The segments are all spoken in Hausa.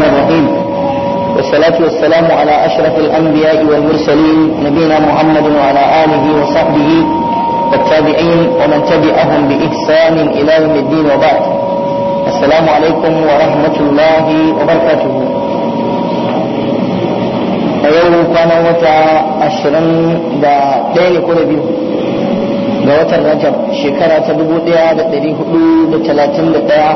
الرحمن الرحيم والصلاة والسلام على أشرف الأنبياء والمرسلين نبينا محمد وعلى آله وصحبه والتابعين ومن تبعهم بإحسان إلى يوم الدين وبعد السلام عليكم ورحمة الله وبركاته أيوه كان وتا أشرن دا دين كل بيو ga watan Rajab shekara ta dubu ɗaya da ɗari hudu da talatin da ɗaya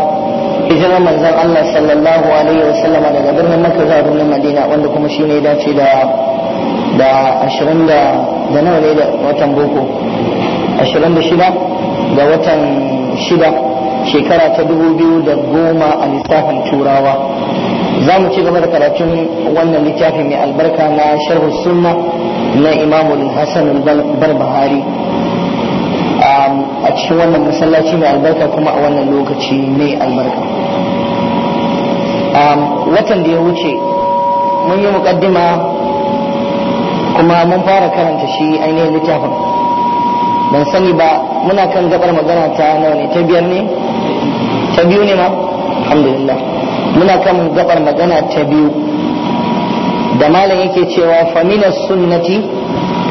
hijirar manzon Allah sallallahu alaihi wasallama daga birnin Makka zuwa birnin Madina wanda kuma shi ne dace da da da da nawa ne da watan boko ashirin da shida ga watan shida shekara ta dubu biyu da goma a lissafin turawa za mu ci gaba da karatun wannan littafi mai albarka na sharhu sunna na imamul hasan al-barbahari a cikin wannan masallaci mai albarka kuma a wannan lokaci mai albarka watan da ya wuce mun yi mukaddima kuma mun fara karanta shi ainihin littafin ban sani ba muna kan gabar magana ta nawa ne ta biyar ne ta biyu ne ma alhamdulillah muna kan gabar magana ta biyu da malam yake cewa famina sunnati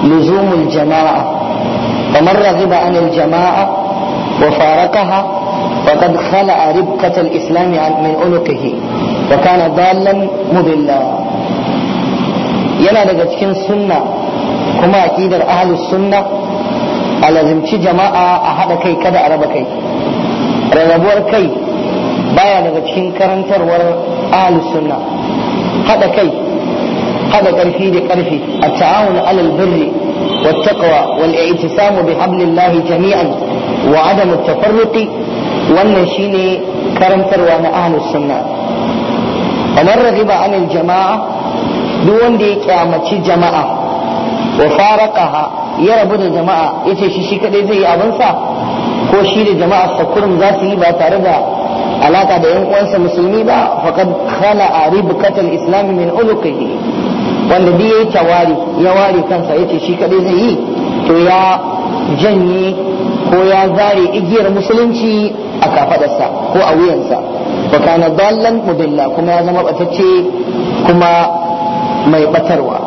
luzumul jama'a ومن رغب عن الجماعة وفارقها فقد خلع ربكة الإسلام من عنقه وكان ضالا مضلا yana daga cikin sunna kuma aqidar ahlus sunna a lazimci jama'a a haɗa kai kada a raba kai rarrabuwar kai baya daga cikin karantarwar ahlus sunna haɗa kai haɗa ƙarfi da ƙarfi a ta'awun alal birri والتقوى والاعتصام بحبل jami'an جميعا وعدم التفرق wannan shine karantarwa na ahlus sunna kamar ragiba anil jama'a duk wanda ya kyamaci jama'a wa faraqaha ya rabu da jama'a ya ce shi shi kadai zai yi abinsa ko shi da jama'a sakurin za su yi ba tare da alaka da yan uwansa musulmi ba faqad khala'a ribqatal islam min uluqihi wanda duk yayi tawari ya ware kansa ya ce shi kadai zai yi to ya janye ko ya zare igiyar musulunci a kafaɗarsa ko a wuyansa wa kana dallan mudilla kuma ya zama batacce kuma mai batarwa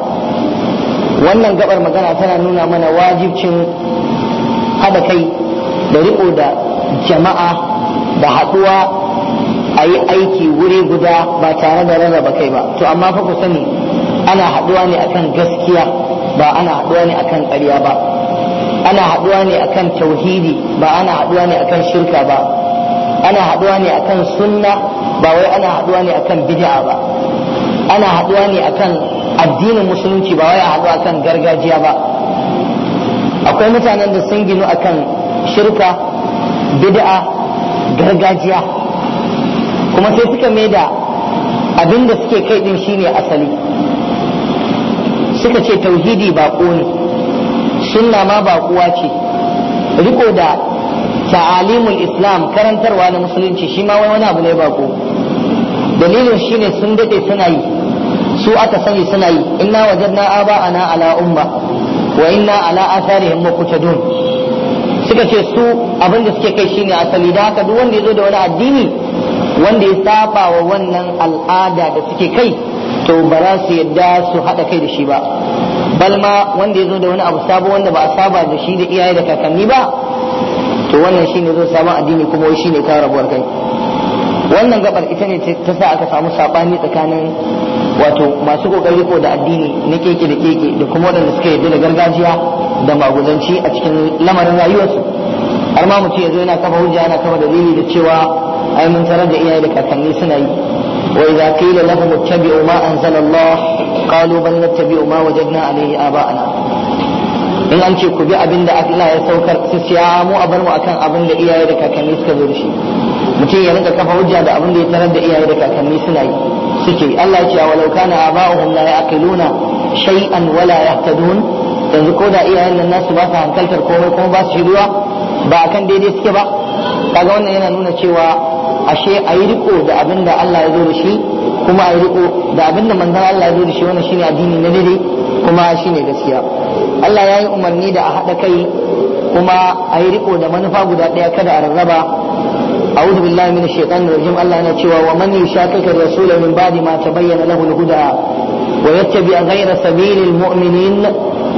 wannan gabar magana tana nuna mana wajibcin haɗa kai da riko da jama'a da haɗuwa a yi aiki wuri guda ba tare da rarraba kai ba to amma fa ku sani ana haɗuwa ne akan gaskiya ba ana haɗuwa ne akan ƙarya ba ana haɗuwa ne akan tauhidi ba ana haɗuwa ne akan shirka ba ana haɗuwa ne akan sunna ba wai ana haɗuwa ne akan bid'a ba ana haɗuwa ne akan addinin musulunci ba wai a haɗu akan gargajiya ba akwai mutanen da sun ginu akan shirka bid'a gargajiya kuma sai suka mai da abin da suke kai din shine asali suka ce tauhidi baƙo ne sunna ma baƙuwa ce riko da ta'alimul islam karantarwa na musulunci shi ma wani abu ne baƙo dalilin shine sun daɗe suna yi su aka sani suna yi inna na'a aba'ana ala umma wa inna ala makuta dun suka ce su abin da suke kai shine asali da haka duk wanda ya zo da wani addini wanda ya saba wa wannan al'ada da suke kai to ba za su yadda su haɗa kai da shi ba bal ma wanda ya zo da wani abu sabo wanda ba a saba da shi da iyaye da kakanni ba to wannan shine zo sabon addini kuma shi ne kawo rabuwar kai wannan gabar ita ne ta sa aka samu sabani tsakanin wato masu kokari ko da addini na keke da keke da kuma wadanda suka yarda da gargajiya da maguzanci a cikin lamarin rayuwarsu har ma mutum ya zo yana kafa hujja yana kafa dalili da cewa ai mun tarar da iyaye da kakanni suna yi وإذا قيل لهم اتبعوا ما أنزل الله قالوا بل نتبع ما وجدنا عليه آباءنا in an ce ku bi abin da Allah ya saukar su siya mu a bar mu akan abin da iyaye da kakanni suka zo da shi mutum ya rinka kafa hujja da abin da ya tarar da iyaye da kakanni suna yi suke Allah ya ce walau kana aba'uhum la yaqiluna shay'an wala yahtadun yanzu ko da iyayen nan nasu ba su hankaltar komai kuma ba su shiruwa ba akan daidai suke ba kaga wannan yana nuna cewa ashe a yi riko da abin da Allah ya zo da shi kuma a yi riko da abin da manzon Allah ya zo da shi wannan shine addini na dare kuma shine gaskiya Allah ya yi umarni da a haɗa kai kuma a yi riko da manufa guda ɗaya kada a rarraba أعوذ بالله من الشيطان الرجيم الله نتشوى ومن يشاكك الرسول من بعد ما تبين له الهدى ويتبع غير سبيل المؤمنين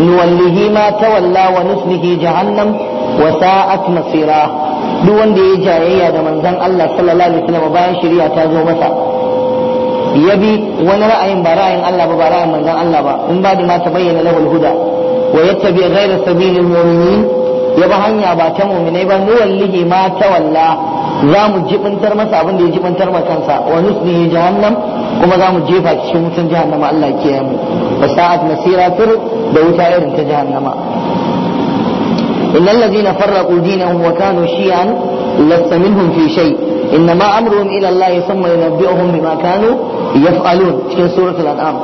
نوله ما تولى ونسله جهنم وساءت مصيرا duk wanda ya jayayya da manzon Allah sallallahu alaihi wasallam bayan shari'a ta zo masa ya bi wani ra'ayin ba ra'ayin Allah ba ba ra'ayin manzon Allah ba in ba da ma ta bayyana lahul huda wa yattabi ghayra sabilil mu'minin ya ba hanya ba ta mu'minai ba mu wallahi ma tawalla za mu jibintar masa abin da ya jibantar ma kansa wa nusni jahannam kuma za mu jefa cikin wutan jahannama Allah ya kiyaye mu fasa'at masira tur da wuta irin ta jahannama إن الذين فرقوا دينهم وكانوا شيعا لست منهم في شيء إنما أمرهم إلى الله ثم ينبئهم بما كانوا يفعلون في سورة الأنعام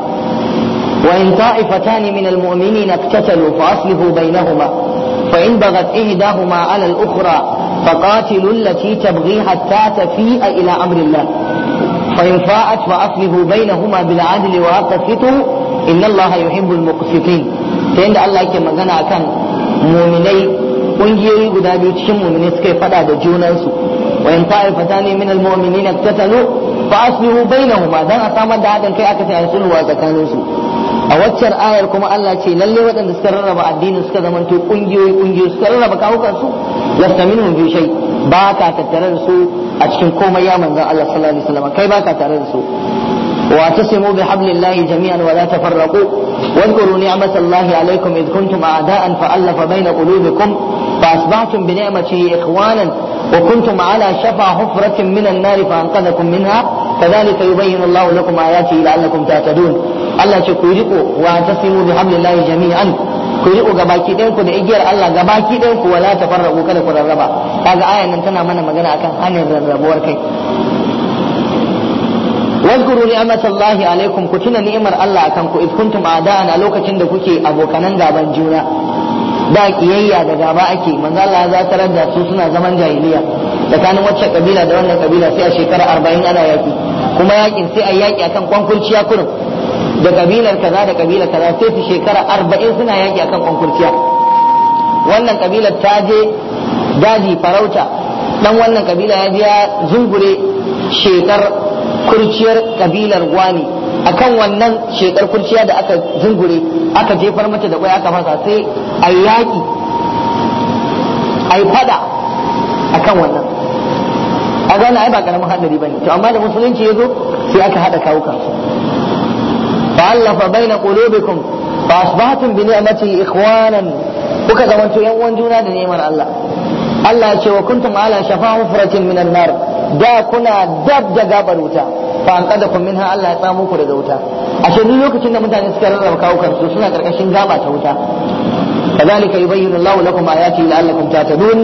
وإن طائفتان من المؤمنين اقتتلوا فأصلحوا بينهما فإن بغت إحداهما على الأخرى فقاتلوا التي تبغي حتى تفيء إلى أمر الله فإن فاءت فأصلحوا بينهما بالعدل وأقسطوا إن الله يحب المقسطين فإن الله كما كان muminai ƙungiyoyi guda biyu cikin muminai suka yi fada da junansu wa in ta'ifatani min na iktatalu fa asluhu bainahuma dan a samar da hadin kai aka sai sulhu a tsakanin a waccar ayar kuma Allah ce lalle waɗanda suka rarraba addinin suka to kungiyoyi kungiyoyi suka rarraba kawukan su lasta minhum bi shay ba ka tattare da su a cikin komai ya manzon Allah sallallahu alaihi wasallam kai ba ka tare da su واعتصموا بحبل الله جميعا ولا تفرقوا واذكروا نعمة الله عليكم إذ كنتم أعداء فألف بين قلوبكم فأصبحتم بنعمته إخوانا وكنتم على شفا حفرة من النار فأنقذكم منها كذلك يبين الله لكم آياته لعلكم تهتدون Allah ce ku riko wa tasimu bi hablillahi jami'an ku riko gabaki ɗayan da igiyar Allah gabaki ɗayan ku wala kada ku rarraba kaga aya nan tana mana magana akan hanin rarrabuwar kai واذكروا ku tuna عليكم Allah نعمة الله أكنكم إذ كنتم أعداء lokacin da kuke abokanan gaban juna da kiyayya da gaba ake manzo Allah ya zatarar da su suna zaman jahiliya tsakanin wacce kabila da wannan kabila sai a shekara arba'in ana yaki kuma yakin sai a yaki akan kwankurciya kurum da kabilar kaza da kabilar kaza sai su shekara arba'in suna yaki akan kwankurciya wannan kabilar ta je daji farauta dan wannan kabila ya je ya zungure shekar kurciyar kabilar wani akan wannan shekar kurciya da aka zungure aka jefar mata da kwai aka fasa sai a yaƙi a yi fada kan wannan a gane ai ba karamin hadari ne to amma da musulunci zo sai aka haɗa kawukan fa allafa baina qulubikum fa asbahtum bi ni'matihi ikhwanan kuka zamanto yan uwan juna da neman Allah Allah ya ce wa kuntum ala shafa hufratin minan nar da kuna dab da gabar wuta fa an kada kun minha Allah ya tsamo ku daga wuta ashe duk lokacin da mutane suka rarraba kawukan su suna karkashin gaba ta wuta kadhalika yubayyinu Allahu lakum ayati la'allakum tahtadun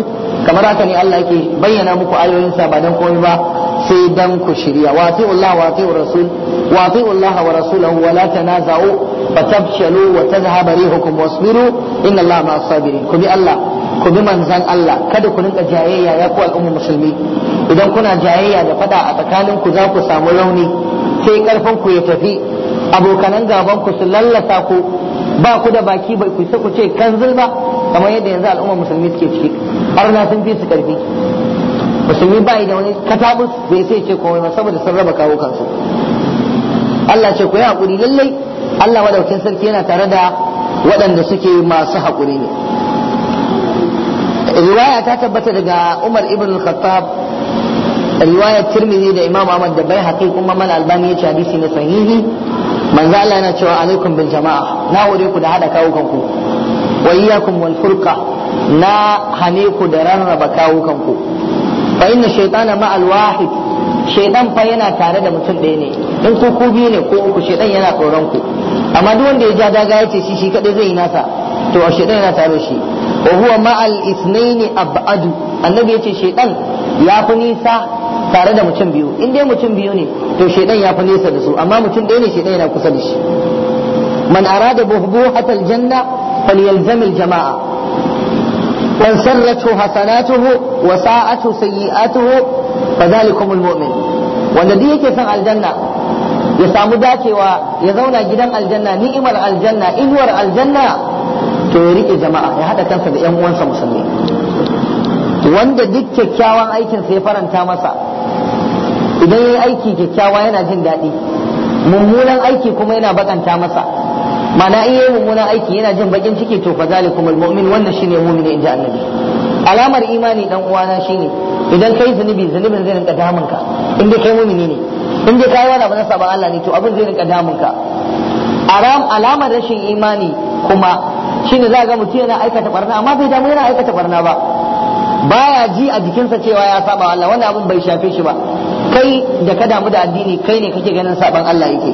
kamar haka ne Allah yake bayyana muku ayoyin sa ba dan komai ba sai dan ku shirya wa sai Allah wa sai rasul wa sai Allah wa rasulahu wa la tanaza'u fatabshalu wa tadhhabu rihukum wasbiru inna Allaha ma'as sabirin ku bi Allah ku bi manzan Allah kada ku rinka jayayya ya ku al'ummar musulmi idan kuna jayayya da fada a tsakanin ku za ku samu rauni sai karfin ku ya tafi abokanan gaban ku su lallasa ku ba ku da baki ba ku ku ce kan zulma kamar yadda yanzu al'ummar musulmi suke ciki arna sun fi su karfi musulmi ba da wani katabus bai sai ce komai ba saboda sun raba kawo kansu Allah ce ku yi hakuri lallai Allah madaukin sarki yana tare da waɗanda suke masu hakuri ne riwaya ta tabbata daga Umar ibn Khattab riwayar Tirmidhi da Imam Ahmad da Baihaqi kuma mana Albani ya ce hadisi ne sahihi manzo Allah yana cewa alaikum bil jama'a na hore ku da hada kawo kanku wa iyyakum wal furqa na hane ku da rarraba kawo kanku fa inna shaytana ma al wahid shaytan fa yana tare da mutum ɗaya ne in ku ku biyu ne ko uku shaytan yana tsoron ku amma duk wanda ya ja daga ya ce shi shi kadai zai yi nasa to shaytan yana tare shi wa huwa ma'al ithnaini ab'adu annabi yace shaytan ya fi nisa tare da mutum biyu in dai mutum biyu ne to shaytan ya fi nisa da su amma mutum ɗaya ne shaytan yana kusa da shi man arada buhbuhat aljanna jama'a. aljama'a wan sarratu hasanatuhu wa sa'atu sayyi'atuhu fadhalikum almu'min wanda duk yake son aljanna ya samu dacewa ya zauna gidan aljanna ni'imar aljanna inuwar aljanna to ya rike jama'a ya haɗa kansa da yan uwansa musulmi wanda duk kyakkyawan aikinsa ya faranta masa idan ya yi aiki kyakkyawa yana jin daɗi mummunan aiki kuma yana bakanta masa mana in yi mummunan aiki yana jin bakin ciki to fa zalikum almu'min wannan shine mu'min inji annabi alamar imani dan uwana shine idan kai zunubi zunubin zai rinka damun ka Inda kai mu'mini ne inda kai wani abu na saban Allah ne to abin zai rinka damun ka alamar rashin imani kuma shine za ga mutum yana aikata barna amma bai damu yana aikata barna ba baya ji a jikinsa cewa ya saba Allah wannan abin bai shafe shi ba kai da ka damu da addini kai ne kake ganin saban Allah yake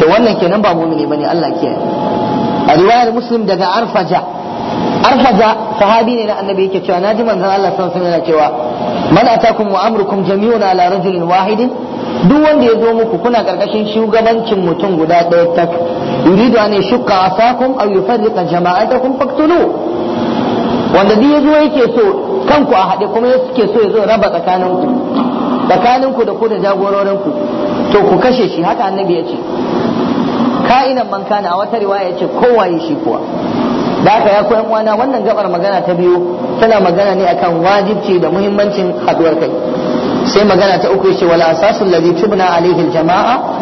to wannan kenan ba mu'mini bane Allah ke a riwayar muslim daga arfaja arfaja sahabi ne na annabi yake cewa naji manzon Allah sallallahu alaihi wasallam cewa man atakum wa amrukum jami'un ala rajulin wahidin duk wanda ya zo muku kuna karkashin shugabancin mutum guda ɗaya tak yuridu an yashqa asakum jama'a yufarriqa kun faqtulu wanda duk yazo yake so kanku a haɗe kuma yake so yazo raba tsakaninku tsakaninku da ku da jagororinku to ku kashe shi haka annabi ya ce ka'inan man kana a wata riwaya ya ce kowaye shi kuwa da haka ya koyan wana wannan gabar magana ta biyu tana magana ne akan wajibci da muhimmancin haɗuwar kai sai magana ta uku ce wala asasul ladhi tubna alaihi jama'a.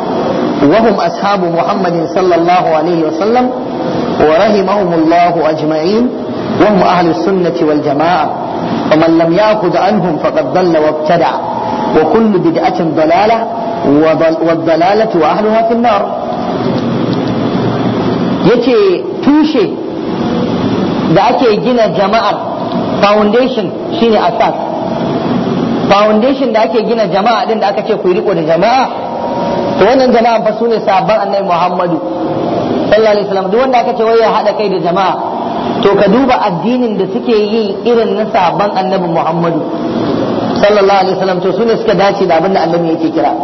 وهم أصحاب محمد صلى الله عليه وسلم ورحمهم الله أجمعين وهم أهل السنة والجماعة ومن لم يأخذ عنهم فقد ضل وابتدع وكل بدعة ضلالة والضلالة وأهلها في النار yace tushe da ake gina jama'ar foundation shine asas foundation da ake gina jama'a din da aka ce ku riko da jama'a to wannan jama'an fa sune sabon annabi Muhammadu sallallahu alaihi wasallam duk wanda aka ce wai ya hada kai da jama'a to ka duba addinin da suke yi irin na sabon annabi Muhammadu sallallahu alaihi wasallam to sune suka dace da abin da annabi yake kira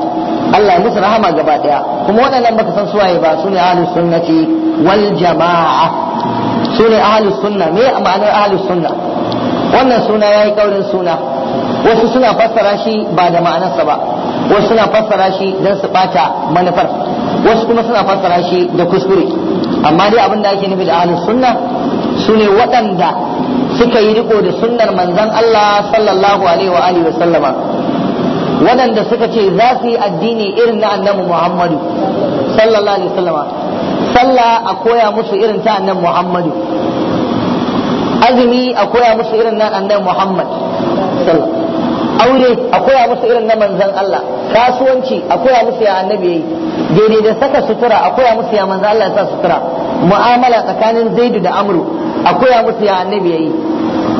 Allah ya musu rahama gaba daya kuma waɗannan baka san suwaye ba sune ahlus sunnati wal jama'a sune ahlus sunna me ma'anar ahlus sunna wannan suna yayi kaurin suna wasu suna fassara shi ba da ma'anarsa ba wasu suna fassara shi don su bata manufar wasu kuma suna fassara shi da kuskure amma dai abin da ake nufi da ahlus sunna ne waɗanda suka yi riko da sunnar manzon Allah sallallahu alaihi wa alihi wa sallama waɗanda suka ce za su yi addini irin na annabi Muhammadu sallallahu alaihi wa sallama sallah a koya musu irin ta annabi Muhammadu azumi a koya musu irin na annabi Muhammad sallallahu aure a koya musu irin na manzon Allah kasuwanci a koya musu ya annabi yayi daidai da saka sutura a koya musu ya manzo Allah ya sa sutura mu'amala tsakanin zaidu da amru a koya musu ya annabi yayi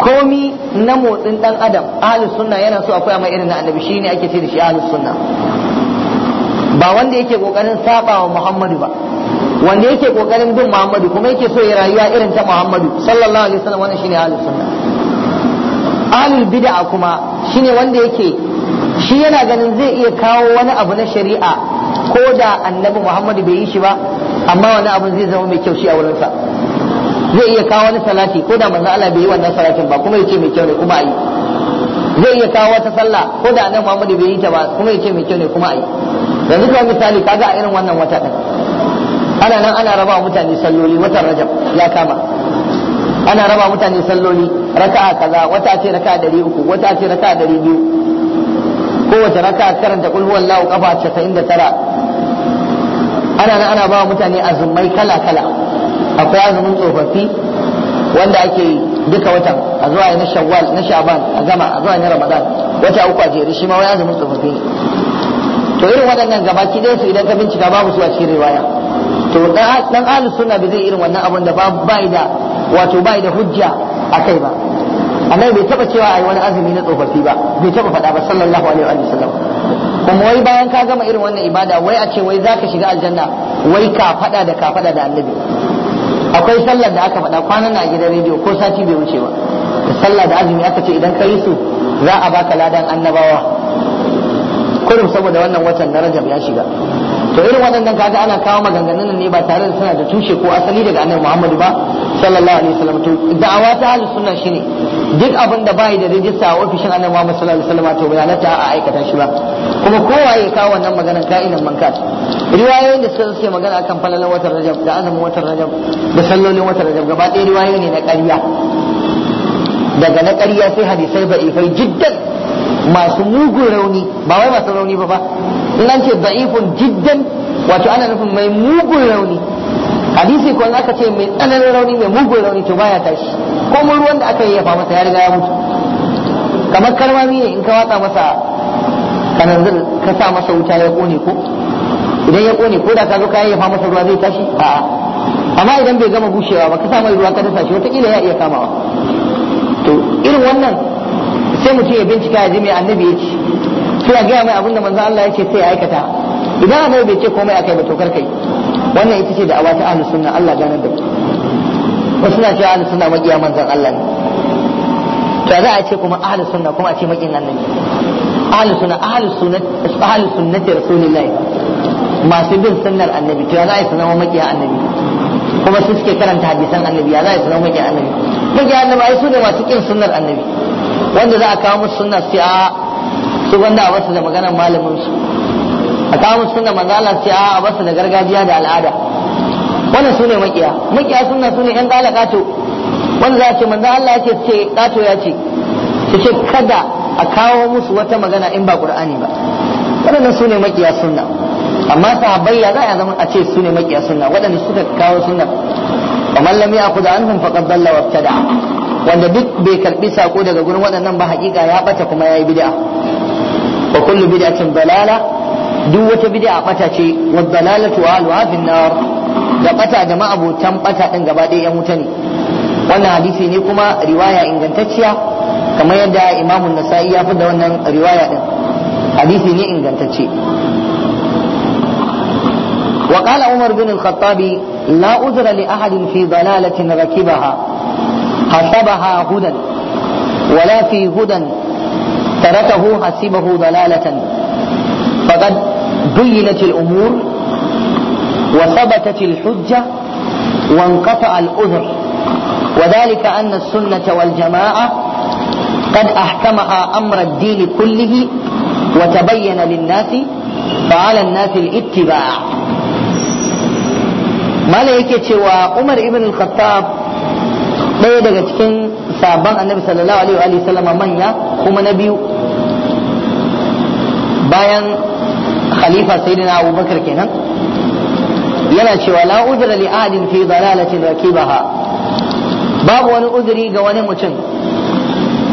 komi na motsin dan adam ahli sunna yana so a mai irin na annabi shine ake ce da shi ahli sunna ba wanda yake kokarin saba wa Muhammadu ba wanda yake kokarin bin Muhammadu kuma yake so ya rayuwa irin ta Muhammadu sallallahu alaihi wasallam wannan shine ahli sunna ahli bid'a kuma shine wanda yake shi yana ganin zai iya kawo wani abu na shari'a ko da annabi muhammadu bai yi shi ba amma wani abu zai zama mai kyau shi a wurinsa zai iya kawo wani salati ko da manzo Allah bai yi wannan salatin ba kuma yace mai kyau ne kuma ayi zai iya kawo wata sallah ko da annabi muhammadu bai yi ta ba kuma yace mai kyau ne kuma ayi yanzu kuma misali kaga a irin wannan wata din ana nan ana raba mutane salloli watan rajab ya kama ana raba mutane salloli raka'a kaza wata ce raka'a 300 wata ce raka'a 200 kowace raka karanta kul huwallahu kafa 99 ana nan ana ba mutane azumai kala kala akwai azumin tsofaffi wanda ake duka watan a zuwa na shawwal na shaban a gama a zuwa na ramadan wata uku a jere shi ma wani azumin tsofaffi ne. to irin waɗannan gabaki ɗaya su idan ka bincika babu su a cikin riwaya to dan ahlus sunna bai zai irin wannan abun da ba da wato ba da hujja akai ba annabi bai taba cewa ai wani azumi na tsofaffi ba bai taba faɗa ba sallallahu alaihi wa sallam kuma wai bayan ka gama irin wannan ibada wai a ce wai zaka shiga aljanna wai ka faɗa da ka faɗa da annabi akwai sallar da aka faɗa kwanan na gidan rediyo ko sati bai wuce ba sallar da azumi aka ce idan ka yi su za a baka ladan annabawa kurum saboda wannan watan na rajab ya shiga to irin waɗannan kaga ana kawo maganganun ne ba tare da suna da tushe ko asali daga annabi Muhammadu ba sallallahu alaihi wasallam to da'awa ta ahli sunna shine duk abin da bai da rijista a ofishin annabi Muhammad sallallahu alaihi wasallam to bai halatta a aikata shi ba kuma kowa ya kawo wannan maganar ka'inan mankat riwayoyin da suka suke magana akan falalan watan Rajab da azumin watan Rajab da sallolin watan Rajab gaba ɗaya riwayoyi ne na ƙarya daga na ƙarya sai hadisai ba'ifai jiddan masu mugun rauni ba wai masu rauni ba ba in an ce da'ifun jiddan wato ana nufin mai mugun rauni hadisi ko aka ce mai tsananin rauni mai mugun rauni to baya tashi ko mun ruwan da aka yi ya masa ya riga ya mutu kamar karmami ne in ka watsa masa kananzir ka sa masa wuta ya kone ko idan ya kone ko da ka zo ka yayyafa masa ruwa zai tashi a amma idan bai gama bushewa ba ka sa mai ruwa ka dasa shi wataƙila ya iya kamawa to irin wannan sai mutum ya bincika ya ji mai annabi ya ce sai a gaya mai abin da Allah ya ce sai aikata idan annabi bai ce komai akai ba to kai wannan ita ce da awa ta ahlus sunna Allah gane da wasu na ce ahlus sunna maƙiya manzan Allah ne to za a ce kuma ahlus sunna kuma a ce nan annabi ahlus sunna ahlus sunna ta sunnati rasulillahi masu bin sunnar annabi to za a yi su maƙiya annabi kuma su suke karanta hadisan annabi ya za a yi su maƙiya annabi maƙiya annabi ai su ne masu kin sunnar annabi wanda za a kawo musu sunna su a su wanda a wasu da maganar malamin su a kawo sunna manzo Allah ce a basu da gargajiya da al'ada wannan sune makiya makiya sunna sune yan kala kato wanda za ce manzo Allah ya ce kato ya ce su ce kada a kawo musu wata magana in ba qur'ani ba waɗannan sune makiya sunna amma sahabbai ya za a zama a ce sune makiya sunna waɗanda suka kawo sunna kamar lam ya'khudh anhum faqad dalla wa ibtada wanda duk bai karbi sako daga gurin waɗannan ba haƙiƙa ya bata kuma yayi bid'a wa kullu bid'atin dalala duk wata bid'a bata ce wa dalalatu alwa bin nar da bata da ma'abutan bata ɗin gaba ɗaya yan wuta ne wannan hadisi ne kuma riwaya ingantacciya kamar yadda Imam An-Nasa'i ya fi da wannan riwaya din hadisi ne ingantacce wa Umar bin Al-Khattabi la uzra li ahadin fi dalalatin rakibaha hasabaha hudan wala fi hudan taratahu hasibahu dalalatan faqad بينت الأمور وثبتت الحجة وانقطع الأذر وذلك أن السنة والجماعة قد أحكمها أمر الدين كله وتبين للناس فعلى الناس الاتباع ما لك cewa Umar ibn al-Khattab ɗaya daga cikin sabon annabi sallallahu alaihi wa sallama manya kuma na biyu bayan khalifa sayyidina abubakar kenan yana cewa la udra li ahadin fi dalalatin rakibaha babu wani udri ga wani mutum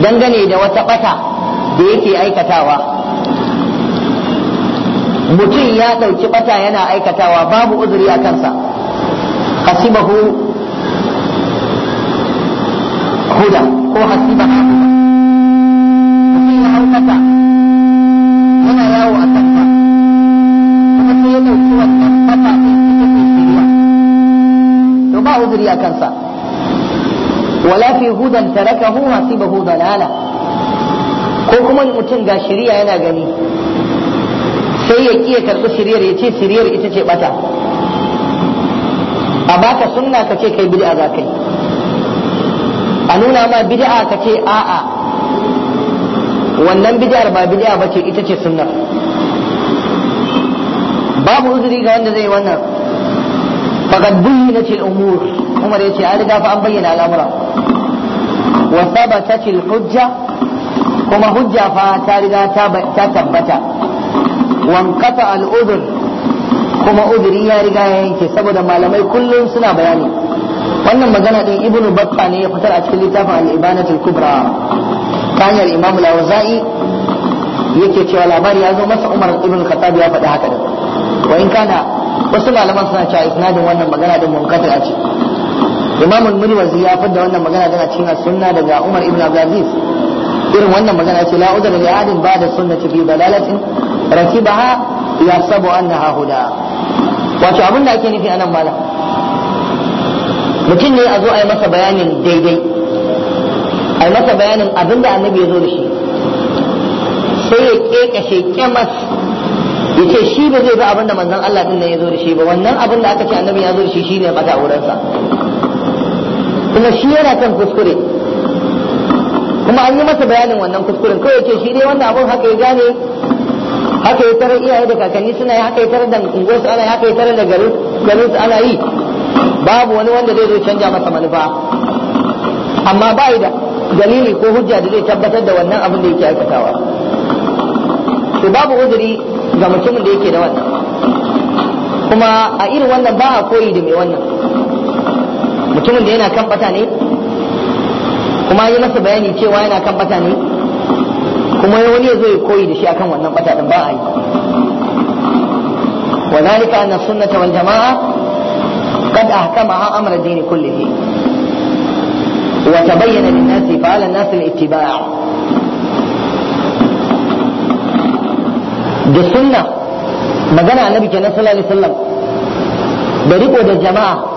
dangane da wata bata da yake aikatawa mutum ya ɗauki bata yana aikatawa babu uzuri a kansa hasibahu huda ko hasibahu gani hudan tarakahu hasibahu dalala ko kuma mutum ga shari'a yana gani sai ya kiya karɓi shiriyar ya ce shiriyar ita ce bata a baka sunna ka ce kai bid'a za kai a nuna ma bid'a ka ce a'a wannan bid'ar ba bid'a ba ce ita ce sunna babu uzuri ga wanda zai wannan faqad buyyinat al-umur Umar yace an riga fa an bayyana al'amura wasaba thabatatil hujja kuma hujja fa ta riga ta tabbata wanqata al udhr kuma udhri ya riga ya yanke saboda malamai kullum suna bayani wannan magana din ibnu batta ne ya fitar a cikin littafin al ibanatul kubra ta hanyar imam al-awza'i yake cewa labari ya zo masa umar ibn khattab ya faɗi haka da wa in wasu malaman suna cewa isnadin wannan magana din munkatir a ciki imam al-mulwazi ya fadda wannan magana daga cikin sunna daga umar ibn abdulaziz irin wannan magana ce la udra li adin ba da sunnati fi dalalatin rakibaha yasabu annaha huda wato abin da ake nufi anan malam mutum ne a zo a yi masa bayanin daidai a yi masa bayanin abin da annabi ya zo da shi sai ya kekashe kyamas ya ce shi ba zai bi abin da manzon Allah din ya zo da shi ba wannan abin da aka ce annabi ya zo da shi shine a aurensa kuma shi yana kan kuskure kuma an yi masa bayanin wannan kuskuren kawai ce shi dai wannan abun haka ya gane haka ya tarar iyaye da kakanni suna yi haka ya tarar da su ana yi haka ya tarar da garin su ana yi babu wani wanda zai zo canja masa manufa amma ba da dalili ko hujja da zai tabbatar da wannan abin da yake aikatawa to babu uzuri ga mutumin da yake da wannan kuma a irin wannan ba a koyi da mai wannan mutumin da yana kan bata ne kuma yi masa bayani cewa yana kan bata ne kuma ya wani ya zo ya koyi da shi akan wannan bata din ba a yi wa zalika anna sunnata wal jama'a qad ahkamaha amr ad-din kullihi wa tabayyana lin-nasi fa 'ala an-nasi al-ittiba' da sunna magana annabi kenan sallallahu alaihi wasallam da riko da jama'a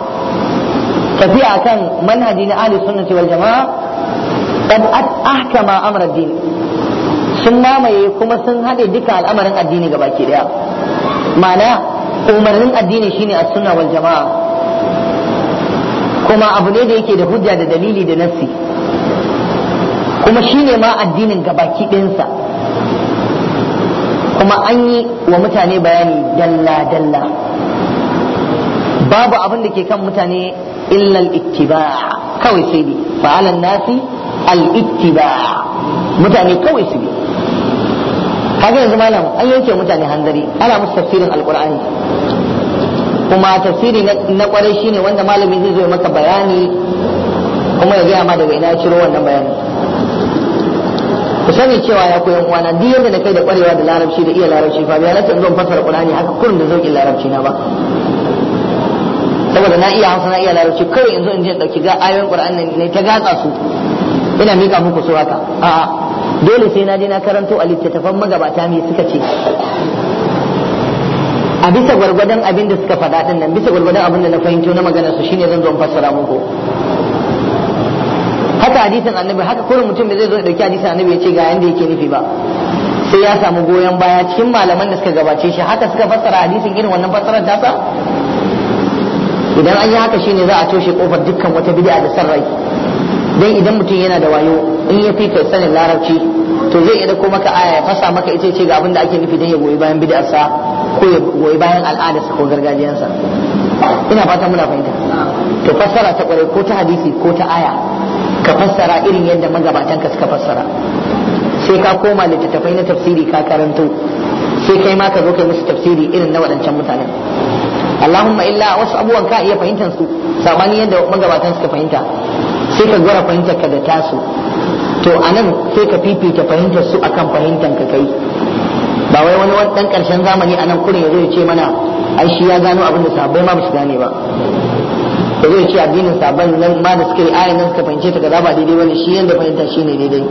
tafiya akan manhaji na ahli sunnati wal jama'a qad ahkama amr ad sun mamaye kuma sun hade duka al'amarin addini gabaki daya ma'ana umarnin addini shine a suna wal jama'a kuma abu ne da yake da hujja da dalili da nassi kuma shine ma addinin gabaki ɗinsa kuma an yi wa mutane bayani dalla dalla babu abin da ke kan mutane illa al-ittiba' kawai sai bi fa ala nasi al mutane kawai su bi kaga yanzu malam an yanke mutane hanzari ana musu tafsirin al'kur'ani. kuma tafsiri na kwarai shine wanda malami zai zo maka bayani kuma ya gaya ma daga ina ciro wannan bayani ku cewa ya koyan uwana duk yadda na kai da kwarewa da larabci da iya larabci fa in za zo fasara qur'ani haka kurin da zaukin larabci na ba saboda na iya hausa na iya larabci kawai in in je dauki ga ayoyin qur'ani ne ta gatsa su ina mika muku su haka a dole sai na je na karanto a littattafan magabata me suka ce a bisa gwargwadon abin da suka faɗa din nan bisa gwargwadon abin da na fahimto na magana su shine zan zo fassara muku haka hadisin annabi haka kurin mutum da zai zo ya dauki hadisin annabi ya ce ga yanda yake nufi ba sai ya samu goyon baya cikin malaman da suka gabace shi haka suka fassara hadisin irin wannan fassarar ta sa. idan an yi haka shine za a toshe kofar dukkan wata bid'a da rai dan idan mutum yana da wayo in ya fi kai sanin larabci to zai iya dauko maka aya ya fasa maka ita ce ga abin da ake nufi dan ya goyi bayan sa ko ya goyi bayan sa ko sa ina fata muna fahimta to fassara ta kware ko ta hadisi ko ta aya ka fassara irin yadda ka suka fassara sai ka koma littattafai na tafsiri ka karanto sai kai ma ka zo kai musu tafsiri irin na waɗancan mutanen Allahumma illa wasu abubuwan ka iya fahimtar su sabani yadda magabatan suka fahimta sai ka gwara fahimtar ka da tasu to anan sai ka fifita fahimtar su akan fahimtar ka kai ba wai wani dan karshen zamani anan kurin yazo ya ce mana ai shi ya gano abin da sabai ma ba gane ba ya zai ce addinin sabon nan ma da suka yi nan suka fahimce ta kaza ba daidai bane shi yanda fahimta shine daidai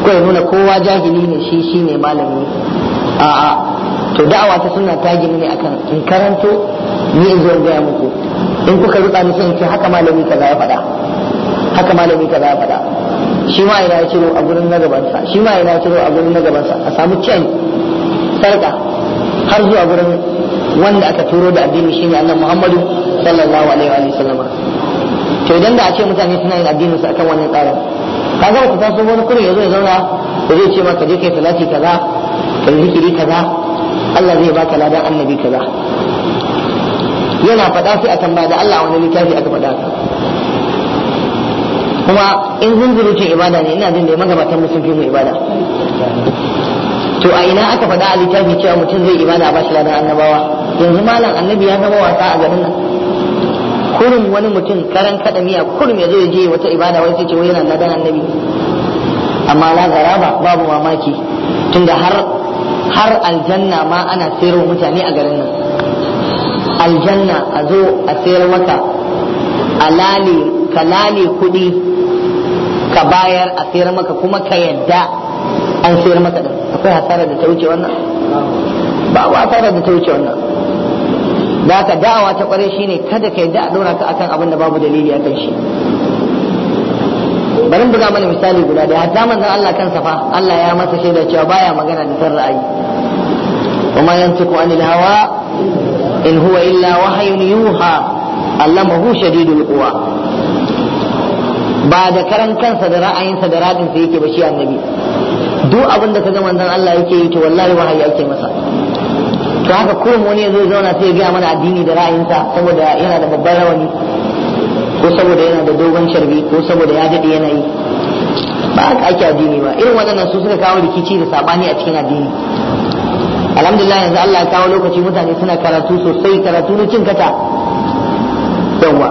ko ya nuna kowa jahili ne shi shine malami a'a to da'awa ta suna ta gini ne akan in karanto ni in zo gaya muku in kuka rutsa ni sai in ce haka malami kaza ya faɗa haka malami kaza ya faɗa shi ma yana ciro a gurin na gabansa shi ma yana ciro a gurin na gabansa a samu can sarka har zuwa gurin wanda aka turo da addini shine annabi Muhammadu sallallahu alaihi wa sallama to idan da a ce mutane suna yin addinin su akan wannan tsarin kaga ku taso wani kurin yazo ya zauna da zai ce maka je kai salati kaza kai zikiri kaza Allah zai baka ladan annabi kaza yana faɗa sai a tambaya da Allah wani littafi aka faɗa ka kuma in zunzuru ce ibada ne ina jin da magabatan sun fi mu ibada to a ina aka faɗa a littafi cewa mutum zai ibada a bashi ladan annabawa yanzu malam annabi ya zama wasa a garin nan kurum wani mutum karan kada miya kurum ya zo ya je wata ibada wai sai ce wai yana ladan annabi amma la garaba babu mamaki tunda har har aljanna ma ana wa mutane a garin nan aljanna a zo a sayar maka ka lale kuɗi ka bayar a sayar maka kuma ka yadda an sayar maka da akwai hasara da ta wuce wannan ba hasara da ta wuce wannan da ka da'awa ta kware shine kada ka yadda a ɗora ka akan abin da babu dalili akan shi bari buga mana misali guda da hatta manzon Allah kansa fa Allah ya masa shaida cewa baya magana da san ra'ayi وما ينطق in huwa illa هو yuha وحي يوحى علمه shadidul quwa ba da karan kansa da ra'ayinsa da radinsa yake ba shi annabi duk abin da ka ga manzon Allah yake yi to wallahi wahayi ake masa to haka ko wani zai zauna sai ya ga mana addini da ra'ayinsa saboda yana da babban rawani ko saboda yana da dogon sharbi ko saboda ya daɗe yana yi ba a ake addini ba irin waɗannan su suka kawo rikici da sabani a cikin addini alhamdulillah yanzu Allah ya kawo lokaci mutane suna karatu sosai karatu na cin kata yawa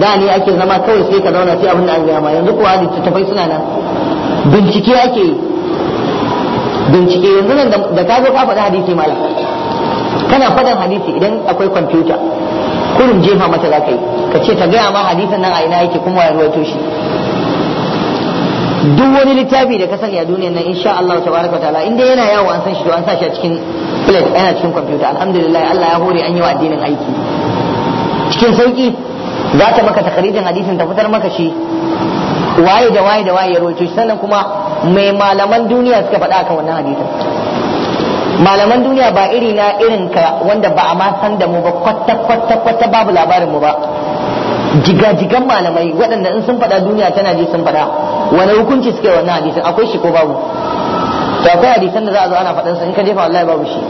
da ne ake zama kawai sai ka zauna sai abin da an gaya ma yanzu kuwa littattafai suna nan bincike ake yi bincike yanzu nan da ka zo ka faɗi hadisi mala kana faɗin hadisi idan akwai kwamfuta kurin jefa mata za ka yi ka ce ta gaya ma hadisin nan a ina yake kuma ya ruwaito shi duk wani littafi da ka sani a duniyar nan insha Allah baraka ta'ala in dai yana yawo an san shi to an sa shi a cikin plate yana cikin computer alhamdulillah Allah ya hore an yi wa addinin aiki cikin sauki za ta maka takarijin hadisin ta fitar maka shi waye da waye da waye ya ruwaito shi sannan kuma mai malaman duniya suka faɗa akan wannan hadisin malaman duniya ba iri na irin ka wanda ba a ma san da mu ba kwata kwata kwata babu labarin mu ba jigajigan malamai waɗanda in sun faɗa duniya tana ji sun faɗa wani hukunci suke wannan hadisin akwai shi ko babu to akwai hadisan da za a zo ana faɗansa in ka jefa wallahi babu shi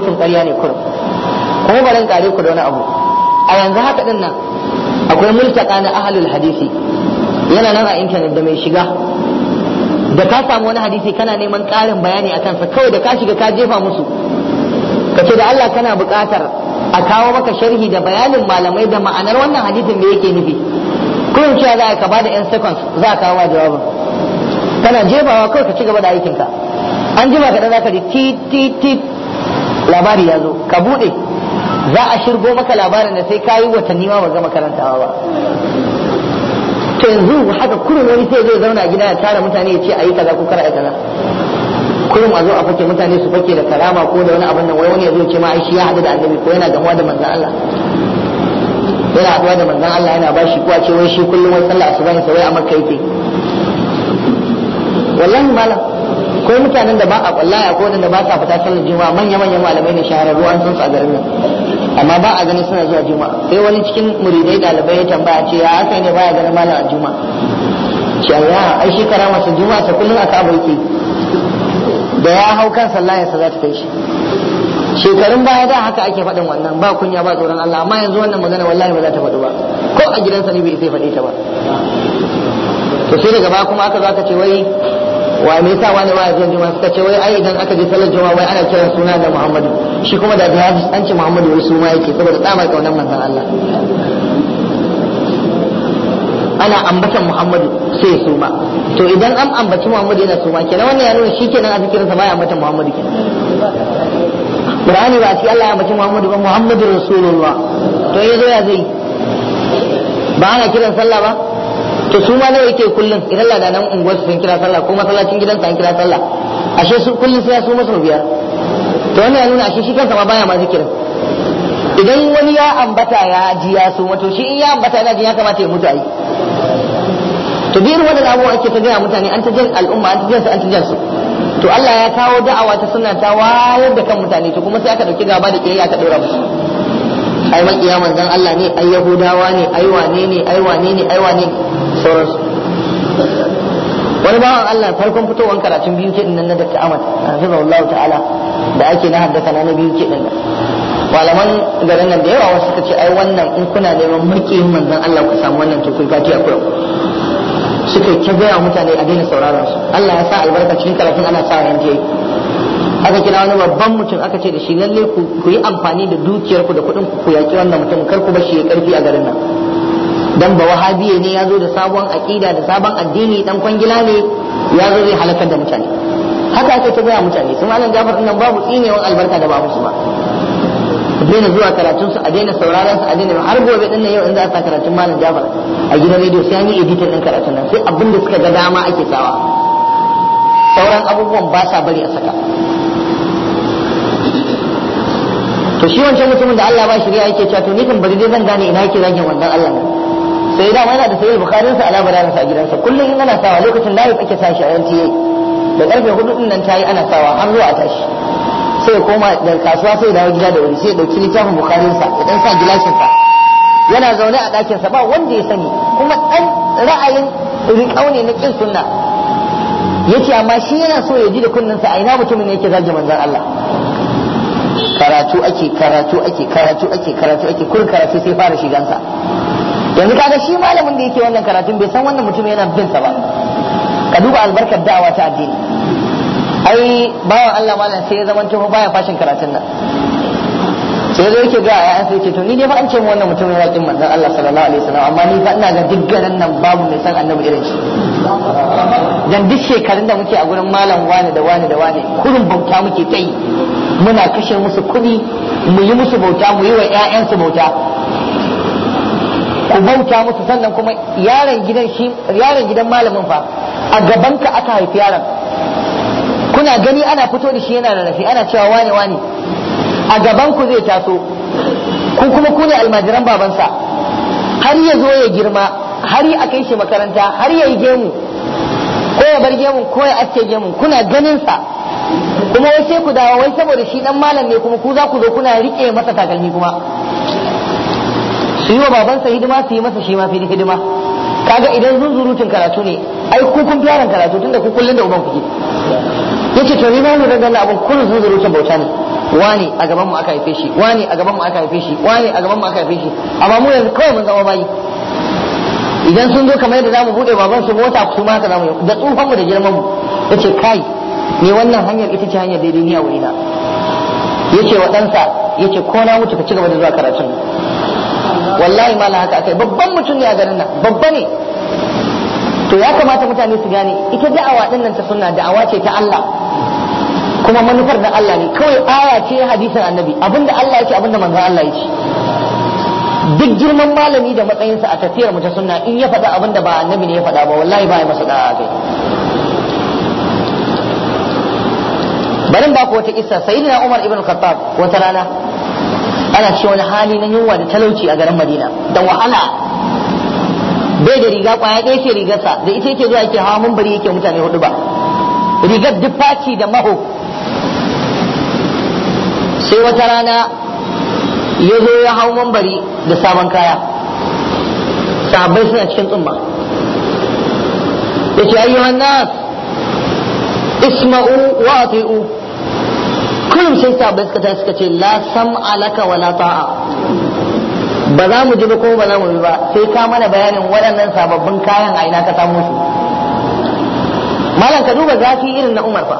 tun ƙarya ne kurum kuma ba in ƙare ku da wani abu a yanzu haka din nan akwai multaka na ahlul hadisi yana nan a intanet da mai shiga da ka samu wani hadisi kana neman ƙarin bayani a kansa kawai da ka shiga ka jefa musu ka ce da Allah kana buƙatar a kawo maka sharhi da bayanin malamai da ma'anar wannan hadisin da yake nufi kullum cewa za ka bada yan seconds za ka kawo jawabin kana jefawa kawai ka ci gaba da aikinka an jima kaɗan za ka ji ti ti ti labari ya zo ka buɗe za a shirgo maka labarin da sai ka yi watanni ma ba ga makarantawa ba to yanzu haka kurin wani sai zai zauna a gida ya tara mutane ya ce ayi kaza ko kar ayi kaza kurin a zo a fake mutane su fake da karama ko da wani abin nan wai wani ya zo ce ma ai shi ya hadu da annabi ko yana gamuwa da manzon Allah yana haɗuwa da manzon Allah yana bashi ko a ce wai shi kullum wai sallah asuba ne sai a makka yake wallahi malam akwai mutanen da ba a ya akwai wanda ba sa fita sallar juma'a manya manyan malamai ne shahararru an san su a garin nan amma ba a gani suna zuwa juma'a sai wani cikin muridai dalibai ya tambaya ce ya haka ne ba ya ganin malam a juma'a ce ya ai shi kara masa juma'a ta kullun aka abarki da ya hau kan sallah ya salatu ta shi shekarun baya da haka ake faɗin wannan ba kunya ba tsoron Allah amma yanzu wannan magana wallahi ba za ta faɗu ba ko a gidansa ne bai sai faɗe ta ba to sai daga baya kuma aka zo aka ce wai wa me yasa wani waya zuwa juma'a suka ce wai ai idan aka je sallar juma'a wai ana kiran suna da muhammadu shi kuma da hafiz an ce muhammadu wai suma yake saboda tsamar kaunar manzon Allah ana ambatan muhammadu sai suma to idan an ambaci muhammadu yana suma kenan wannan ya nuna shi kenan a zikirin sa ba ya ambatan muhammadu kenan Qur'ani ba a ce Allah ya ambaci Muhammadu ba Muhammadu Rasulullah to yazo ya zai ba ana kiran sallah ba to su ma nawa yake kullum idan nan unguwar sun kira sallah ko masallacin gidan an kira sallah ashe su kullum sai su masa biya to wannan ya nuna ashe shi kansa ma baya ma zikirin idan wani ya ambata ya ji ya so to shi in ya ambata yana ji ya kamata ya mutu ai to biyar irin wannan abubuwa ake ta gaya mutane an ta jin al'umma an ta jin su an ta jin su to Allah ya kawo da'awa ta suna ta wayar da kan mutane to kuma sai aka dauki gaba da kiyaye aka dora musu ai makiya manzon Allah ne ai yahudawa ne ai wane ne ai wane ne ai wane ne sauransu wani bawan Allah farkon fitowar karatun biyu keɗin nan na Dr. Ahmad rahimahullahu ta'ala da ake na haddasa na biyu keɗin nan malaman garin nan da yawa wasu suka ce ai wannan in kuna neman mulkin manzon Allah ku samu wannan to kun kaci akwai suka ta gaya mutane a daina sauraron su Allah ya sa albarka cikin karatun ana sa ran yayi aka kira wani babban mutum aka ce da shi lalle ku yi amfani da dukiyarku da kuɗin ku ku yaƙi wannan mutum kar ku bashi ya karfi a garin nan dan ba wahabiye ne ya zo da sabon aƙida da sabon addini dan kwangila ne ya zo zai halakar da mutane haka ake ta gaya mutane su malam jafar nan babu tsinewan albarka da babu su ba a daina zuwa karatun su a daina sauraron su a daina har gobe din nan yau in za a sa karatun malam jafar a gidan rediyo sai an yi editin din karatun nan sai abin da suka ga dama ake sawa sauran abubuwan ba sa bari a saka to shi wancan mutumin da Allah ba shirya yake cewa to ni kan bari dai zan gane ina yake zagin wannan Allah ne sai da yana da sayyid bukharin sa alama ranar sa a gidansa kullum in ana sawa lokacin live ake tashi a NTA da karfe hudu din nan tayi ana sawa har zuwa a tashi sai koma da kasuwa sai dawo gida da wuri sai ya dauki littafin bukharin sa ya dan sa gilashin sa yana zaune a dakin sa ba wanda ya sani kuma dan ra'ayin irin na kin sunna yace amma shi yana so ya ji da kunnen sa a ina mutumin yake zage manzon Allah karatu ake karatu ake karatu ake karatu ake kun karatu sai fara shigansa yanzu kaga shi malamin da yake wannan karatun bai san wannan mutum yana bin sa ba ka duba albarkar da'awa ta addini ai bawan Allah malam sai ya zama tuhu baya fashin karatun nan sai zo yake ga ya sai ce to ni ne fa an ce mu wannan mutum yana kin manzon Allah sallallahu alaihi wasallam amma ni fa ina ga diggaran nan babu mai san annabi irin shi dan duk shekarun da muke a gurin malam wani da wani da wani kurin bauta muke ta yi muna kashe musu kuɗi mu yi musu bauta mu yi wa 'ya'yansu bauta ku bauta musu sannan kuma yaron gidan shi yaron gidan malamin fa a gaban ka aka haifi yaron kuna gani ana fito da shi yana da rafi ana cewa wane wane a gaban ku zai taso ku kuma ku ne almajiran babansa har ya zo ya girma har ya kai shi makaranta har ya yi gemu ko ya bar gemu ko ya aske gemu kuna ganin sa kuma wai sai ku dawo wai saboda shi dan malam ne kuma ku za ku zo kuna rike masa takalmi kuma su yi wa babansa hidima su yi masa shi ma ni hidima kaga idan zunzurutun karatu ne ai ku kun fi karatu tunda ku kullun da uban kuke yace to ni na lura da abun kullun zurutun bauta ne wani a gaban mu aka haife shi wani a gaban mu aka haife shi wani a gaban mu aka haife shi amma mu yanzu kawai mun zama bayi idan sun zo kamar yadda zamu bude baban su mota su ma haka zamu da tsufan mu da girman mu yace kai ne wannan hanyar ita ce hanyar daidai ni a wurina yace wa ɗansa yace ko na mutu ka ci gaba da zuwa karatun wallahi malam haka akai babban mutum ne a garin nan babba ne to ya kamata mutane su gane ita da'awa din nan ta sunna da'awa ce ta Allah kuma manufar da Allah ne kawai aya ce hadisin annabi abinda Allah yake abinda manzon Allah yake duk girman malami da matsayinsa a tafiyar mu ta sunna in ya faɗa abinda ba annabi ne ya faɗa ba wallahi ba ya masa da'a kai bari ba ku wata isa sayyidina Umar ibn Khattab wata rana ana cikin wani hali na yunwa da talauci a garin madina da wahala bai da riga kwaya ɗaya ce rigarsa da ita yake zuwa yake hawa mumbari yake mutane hudu ba rigar duk faci da maho sai wata rana ya zo ya hau mumbari da sabon kaya sabai suna cikin tsumma yace ce ayyuhannas isma'u wa ati'u kullum sai sahabbai suka suka ce la sam alaka wa la ta'a ba za mu ji ba ko ba za mu ba sai ka mana bayanin waɗannan sababbin kayan a ina ka samu su malam ka duba zafi irin na Umar fa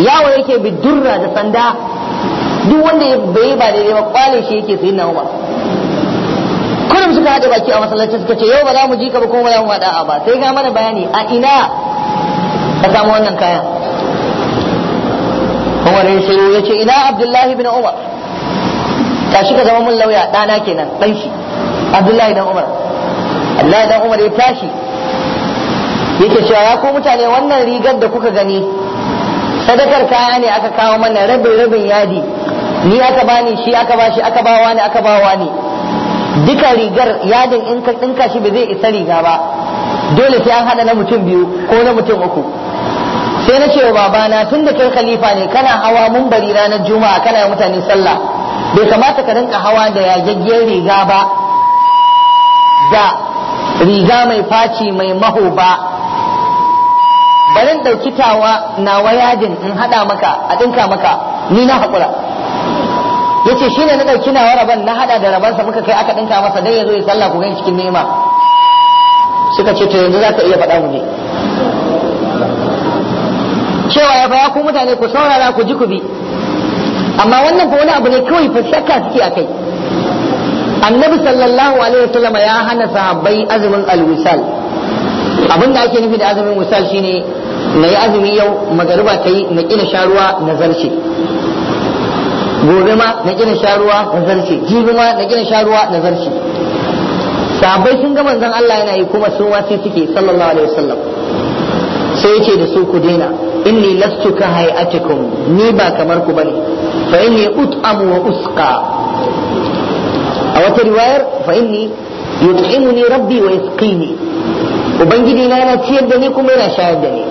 yawo yake bi durra da sanda duk wanda bai ba daidai ba kwale shi yake sai na Umar kullum suka haɗa baki a masallaci suka ce yau ba za mu ji ka ba kuma ba za mu ba sai ka mana bayani a ina ka samu wannan kayan Umar ya shiru ya ce ina Abdullahi bin Umar tashi ka zama mun lauya ɗana kenan ɗan shi Abdullahi dan Umar Abdullahi dan Umar ya tashi yake cewa ya ko mutane wannan rigar da kuka gani sadakar kaya ne aka kawo mana rabin rabin yadi ni aka bani shi aka ba shi aka bawa ni aka bawa ni duka rigar yadin in ka shi ba zai isa riga ba dole sai an hada na mutum biyu ko na mutum uku sai na ce wa babana tun da kai khalifa ne kana hawa mumbari ranar juma'a kana yi mutane sallah bai kamata ka rinka hawa da yagaggiyar riga ba da riga mai faci mai maho ba barin ɗauki tawa nawa yadin in haɗa maka a ɗinka maka ni na haƙura yace shine na ɗauki nawa raban na haɗa da rabansa muka kai aka ɗinka masa dan ya zo ya sallah ku cikin nema suka ce to yanzu za ka iya faɗa mu ne cewa ya fa ya ku mutane ku saurara ku ji ku bi amma wannan ko wani abu ne kawai fa shakka suke a kai annabi sallallahu alaihi wasallam ya hana sahabbai azumin alwisal abin da ake nufi da azumin wisal shine na yi azumi yau magariba ta yi na kina sharuwa na zarce gobe ma na kina sharuwa na zarce jibi ma na kina sharuwa na zarce sahabbai sun ga manzon Allah yana yi kuma sun ma sai suke sallallahu alaihi wasallam sai yake da su ku daina inni lastu ka hay'atukum ni ba kamar ku bane fa inni ut'amu wa usqa a wata riwayar fa inni yut'imuni rabbi wa yasqini ubangiji na yana ciyar da ni kuma yana shayar da ni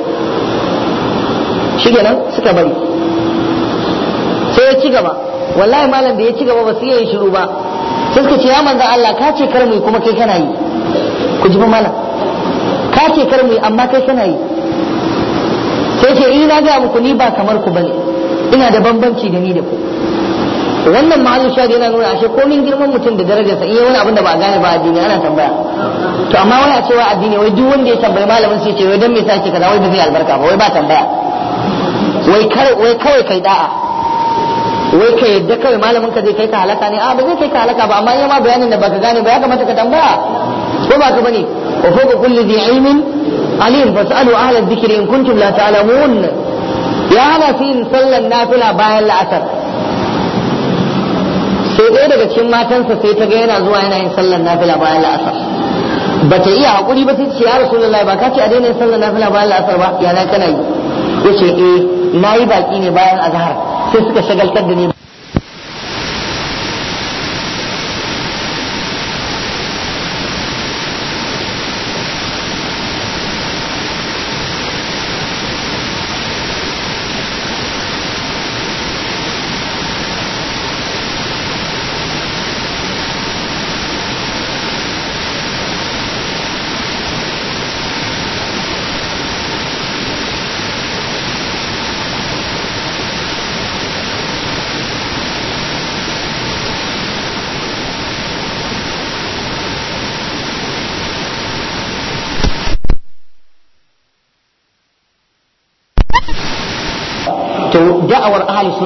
nan suka bari sai ya ci gaba wallahi malam da ya ci gaba ba sai ya yi shiru ba sai suka ce ya manzo Allah ka ce kar mu kuma kai kana yi ku ji malam ka ce kar mu amma kai kana yi sai ce in na gaya muku ni ba kamar ku bane ina da bambanci da ni da ku wannan mahallin shahid yana nuna ashe komin girman mutum da darajarsa in yi wani abin da ba a gane ba addini ana tambaya to amma wani a cewa addini wai duk wanda ya tambayi malamin sai ce wai dan me yasa kaza wai ba zai albarka ba wai ba tambaya wai kar wai kawai kai da'a wai ka yadda kawai malamin ka zai kai ka halaka ne a ba zai kai ka halaka ba amma in ma bayanin da baka gane ba ya kamata ka tambaya ko ba ka bane wa fuka kulli dhi ilmin alim fasalu ahla dhikri in kuntum la ta'lamun ya hana su yin sallan nafila bayan la'asar sai ɗaya daga cikin matansa sai ta ga yana zuwa yana yin sallan nafila bayan la'asar ba ta iya haƙuri ba sai ce ya rasulullah ba ka ce a daina yin sallan nafila bayan la'asar ba yana kana yi yace eh yi baƙi ne bayan azhar sai suka shagaltar da ni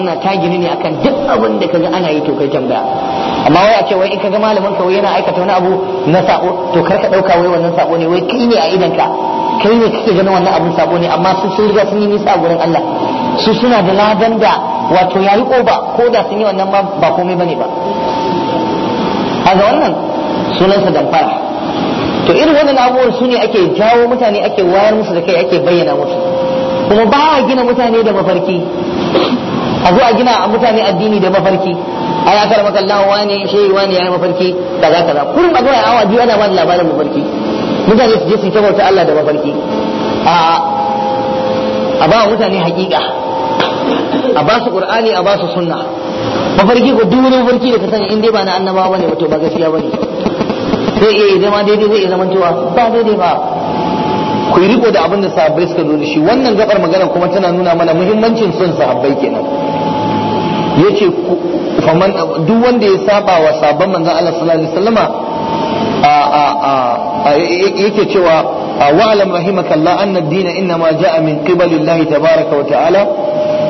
suna ta gini ne akan duk abin da kaga ana yi to kai tambaya amma wai a ce wai in kaga malamin ka wai yana aikata wani abu na sako to kar ka dauka wai wannan sako ne wai kai ne a idan ka kai ne kake ganin wannan abun sako ne amma su sun riga sun yi nisa a gurin Allah su suna da ladan da wato yayi koba ko da sun yi wannan ba komai bane ba a ga wannan sa damfara to irin wannan abubuwan su ne ake jawo mutane ake wayar musu da kai ake bayyana musu kuma ba a gina mutane da mafarki a zuwa gina a mutane addini da mafarki a ya maka lawa ne shehi wani ya yi mafarki kaza kaza kullum a zo a awa biyu ana ba labarin mafarki mutane su je su ta Allah da mafarki a ba mutane hakika a ba su ƙur'ani a ba su sunna mafarki ko duk wani mafarki da ka sani in dai ba na annabawa bane wato ba gaskiya bane zai iya zama daidai zai iya zamantowa ba daidai ba ku riko da abin da sahabbai suka zo da shi wannan gabar magana kuma tana nuna mana muhimmancin son sahabbai kenan yace faman duk wanda ya saba wa sabon manzon Allah sallallahu alaihi wasallama a a a yake cewa wa'lam rahimakallah anna ad-din innama ja'a min qibali Allah tabaaraka wa ta'ala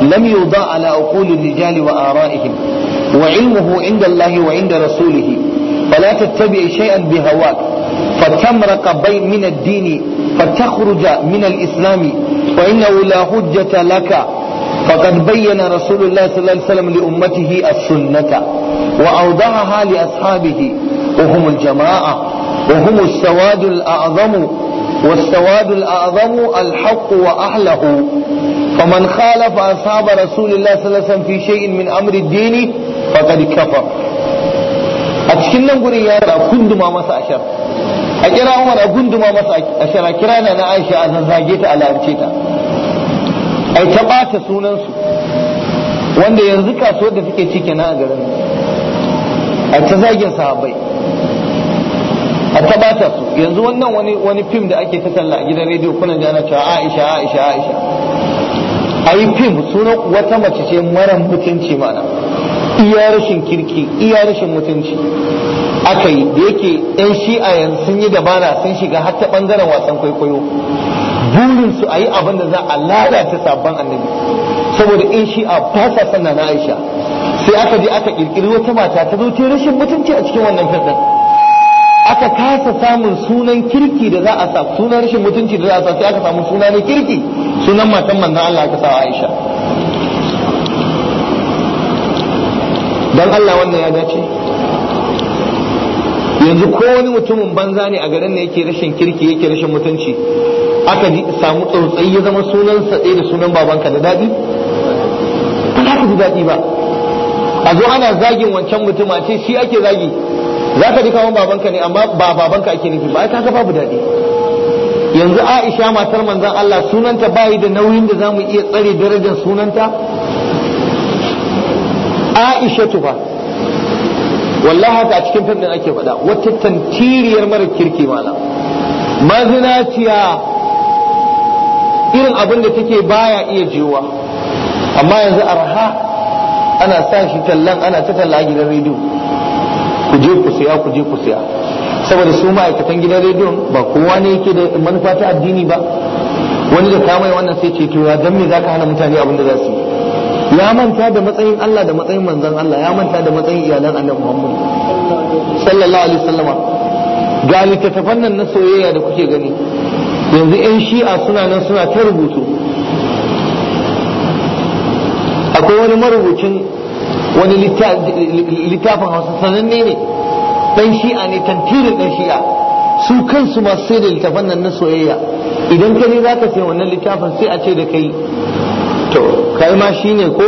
lam yuda ala uquli ar rijal wa ara'ihim wa ilmuhu inda Allah wa inda rasulih فلا فتمرق بين من الدين فتخرج من الإسلام فإنه لا حجة لك فقد بين رسول الله صلى الله عليه وسلم لأمته السنة وأوضحها لأصحابه وهم الجماعة وهم السواد الأعظم والسواد الأعظم الحق وأهله فمن خالف أصحاب رسول الله صلى الله عليه وسلم في شيء من أمر الدين فقد كفر أتشنن قرية كندما مسأشر a kira umar a gunduma masa a shara kira na na aisha a zazzage ta a larce ta ai ta ɓata sunansu wanda yanzu kasuwar da suke cike na a garin a ta zagin sahabbai a ta ɓata su yanzu wannan wani wani fim da ake ta talla a gidan rediyo kuna ji ana cewa aisha aisha aisha a yi fim sunan wata mace ce mara mutunci mana iya rashin kirki iya rashin mutunci aka yi da yake ɗan shi'a yanzu sun yi dabara sun shiga har ta ɓangaren wasan kwaikwayo burin su ayi abin da za a lalata sabon annabi saboda yan shi'a ba sa sanna na Aisha sai aka je aka ƙirƙiri wata mata ta zoce rashin mutunci a cikin wannan fadin aka kasa samun sunan kirki da za a sa sunan rashin mutunci da za a sa sai aka samu suna ne kirki sunan matan manzon Allah aka sa Aisha dan Allah wannan ya dace yanzu ko wani mutumin banza ne a garin ne yake rashin kirki yake rashin mutunci aka samu tsautsayi ya zama sunan sa da sunan babanka da daɗi ba za ka ji daɗi ba a zo ana zagin wancan mutum a ce shi ake zagi za ka ji kawon babanka ne amma ba babanka ake nufi ba ka babu daɗi yanzu aisha matar manzon Allah sunanta bayi da nauyin da za mu iya tsare darajar sunanta aisha ba. wallaha haka a cikin fim din ake faɗa wata tantiriyar mara kirki mala mazinaciya irin abin da take baya iya jiwa amma yanzu arha ana sa shi tallan ana ta talla gidan rediyo ku je ku siya ku je ku siya saboda su ma'aikatan gidan rediyon ba kowa ne yake da manufa ta addini ba wani da kamai wannan sai ce to ya dan me zaka hana mutane abin da za su yi ya manta da matsayin Allah da matsayin manzon Allah ya manta da matsayin iyalan annabi Muhammad sallallahu alaihi wasallama ga littattafan nan na soyayya da kuke gani yanzu 'yan shi'a suna nan suna ta rubutu akwai wani marubucin wani littafin hausa sananne ne ɗan shi'a ne tantirin ɗan shi'a su kansu masu sai da littafan nan na soyayya idan ka ne za ka sai wannan littafin sai a ce da kai to kai ma shine ko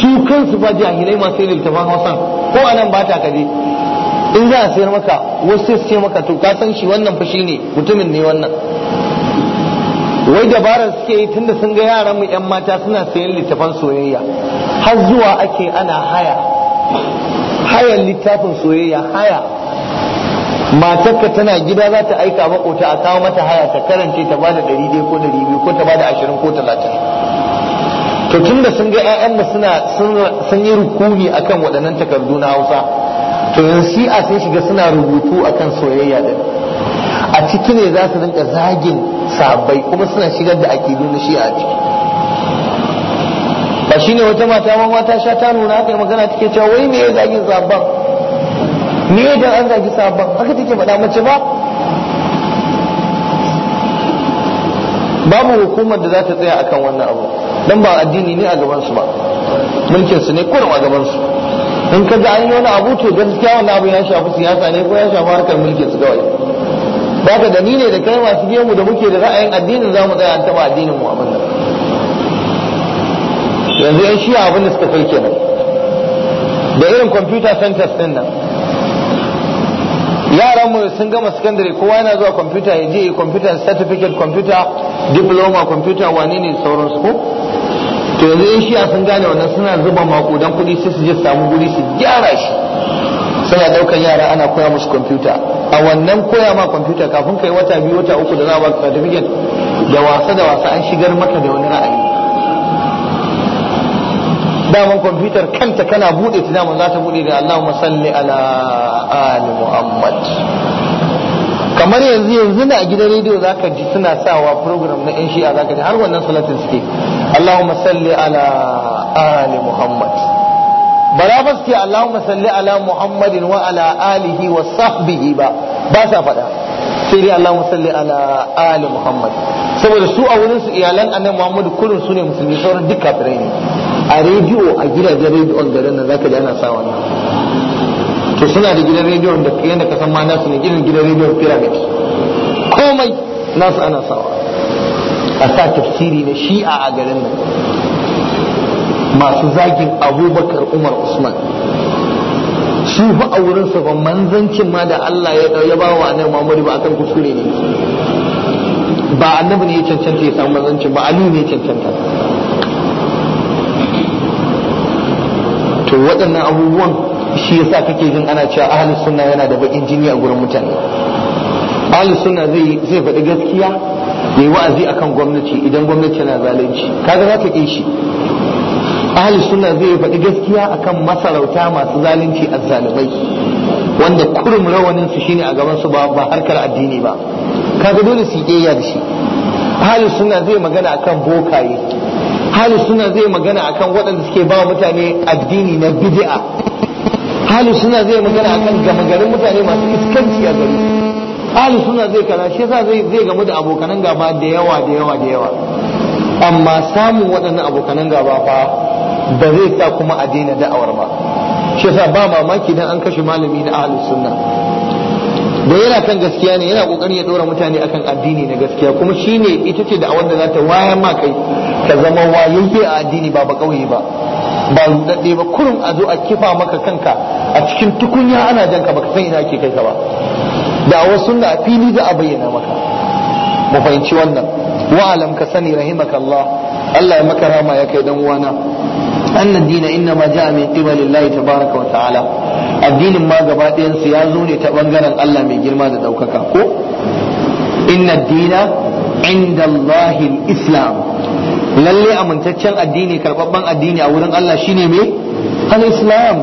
su kansu ba jahilai masu yin littafan hausa ko anan ba ta kaje in za a sayar maka wasu sai sai maka to ka san shi wannan fa shine mutumin ne wannan wai dabarar suke yi tunda sun ga yaran mu yan mata suna sayan littafan soyayya har zuwa ake ana haya hayan littafin soyayya haya matarka tana gida za ta aika makota a kawo mata haya ta karance ta bada ɗari dai ko ɗari biyu ko ta bada ashirin ko talatin to tun da sun ga 'ya'yan da suna sun yi rukuni akan waɗannan takardu na hausa to yanzu a sun shiga suna rubutu akan soyayya din a ciki ne za su rinka zagin sabai kuma suna shigar da akidu na shi a ciki ba shine wata mata ma ta sha ta nuna aka magana take cewa wai me ya zagin sabban me da an zagi sabon haka take faɗa mace ba babu hukumar da za ta tsaya akan wannan abu dan ba addini ne a gabansu ba mulkin su ne kurum a gabansu in ka ga an yi wani abu to gaskiya wannan abu ya shafi siyasa ne ko ya shafi harkar mulkin su kawai baka ka da ni ne da kai masu biyan mu da muke da ra'ayin addinin za mu tsaya an taɓa addinin mu abin nan yanzu yan shiya abin da suka kai kenan da irin computer centers din nan yaran mu sun gama secondary kowa yana zuwa computer ya je computer certificate computer diploma computer wani ne sauransu ko to yanzu shi a sun gane wannan suna zuba makudan kuɗi sai su je samu guri su gyara shi suna daukan yara ana koya musu computer a wannan koya ma computer kafin kai wata biyu wata uku da za a certificate da wasa da wasa an shigar maka da wani ra'ayi daman kwamfutar kanta kana bude ta daman za ta bude da Allahumma salli ala ali Muhammad kamar yanzu yanzu na gidan rediyo za ka ji suna sawa program na 'yan shi'a za ka ji har wannan salatin suke Allahumma salli ala ali Muhammad ba za ba suke Allahumma salli ala Muhammadin wa ala alihi wa sahbihi ba ba sa faɗa sai dai Allahumma salli ala ali Muhammad saboda su a wurin su iyalan annabi Muhammad kullum su ne musulmi sauran duk kafirai ne a rediyo a gidajen rediyon garin nan zaka ji ana sa wannan to suna da gidan rediyon da yadda ka san ma nasu ne gidan gidan rediyon pyramid komai nasu ana sawa a sa tafsiri na shi'a a garin nan masu zagin abubakar umar usman su fa a wurinsa ba manzancin ma da Allah ya ya ba wa annabi mamuri ba akan kuskure ne ba annabi ne ya cancanta ya samu manzancin ba aliyu ne ya cancanta to waɗannan abubuwan shi yasa kake jin ana cewa ahlus sunna yana da bakin jini a gurin mutane ahlus sunna zai zai faɗi gaskiya mai wa'azi akan gwamnati idan gwamnati na zalunci kaga za ka ƙi shi ahlus sunna zai faɗi gaskiya akan masarauta masu zalunci a azzalumai wanda kurum rawaninsu su shine a gaban su ba ba harkar addini ba kaga dole su yi da shi ahli sunna zai magana akan bokaye halu suna zai magana akan waɗanda suke ba mutane addini na bidia. halu suna zai magana akan gama garin mutane masu iskanci a gari halu suna zai kaza shi yasa zai zai gamu da abokanan gaba da yawa da yawa da yawa amma samun waɗannan abokanan gaba fa ba zai sa kuma a daina da'awar ba shi yasa ba mamaki dan an kashe malami na ahlus sunna da yana kan gaskiya ne yana kokarin ya dora mutane akan addini na gaskiya kuma shine ita ce da'awar da za ta wayan ma ka zama wayayye a addini ba ba kauye ba ba rudadde ba kurum a zo a kifa maka kanka a cikin tukunya ana jan ka baka san ina ake kai ka ba da wasu na fili za a bayyana maka mu fahimci wannan wa'alam ka sani rahimaka Allah ya maka rama ya kai dan uwana أن الدين إنما جاء من قبل الله su ya zo ne ta bangaren allah mai girma da جرما ko إن الدين عند الله islam. lalle amintaccen addini karbabban addini a wurin Allah shine me al-islam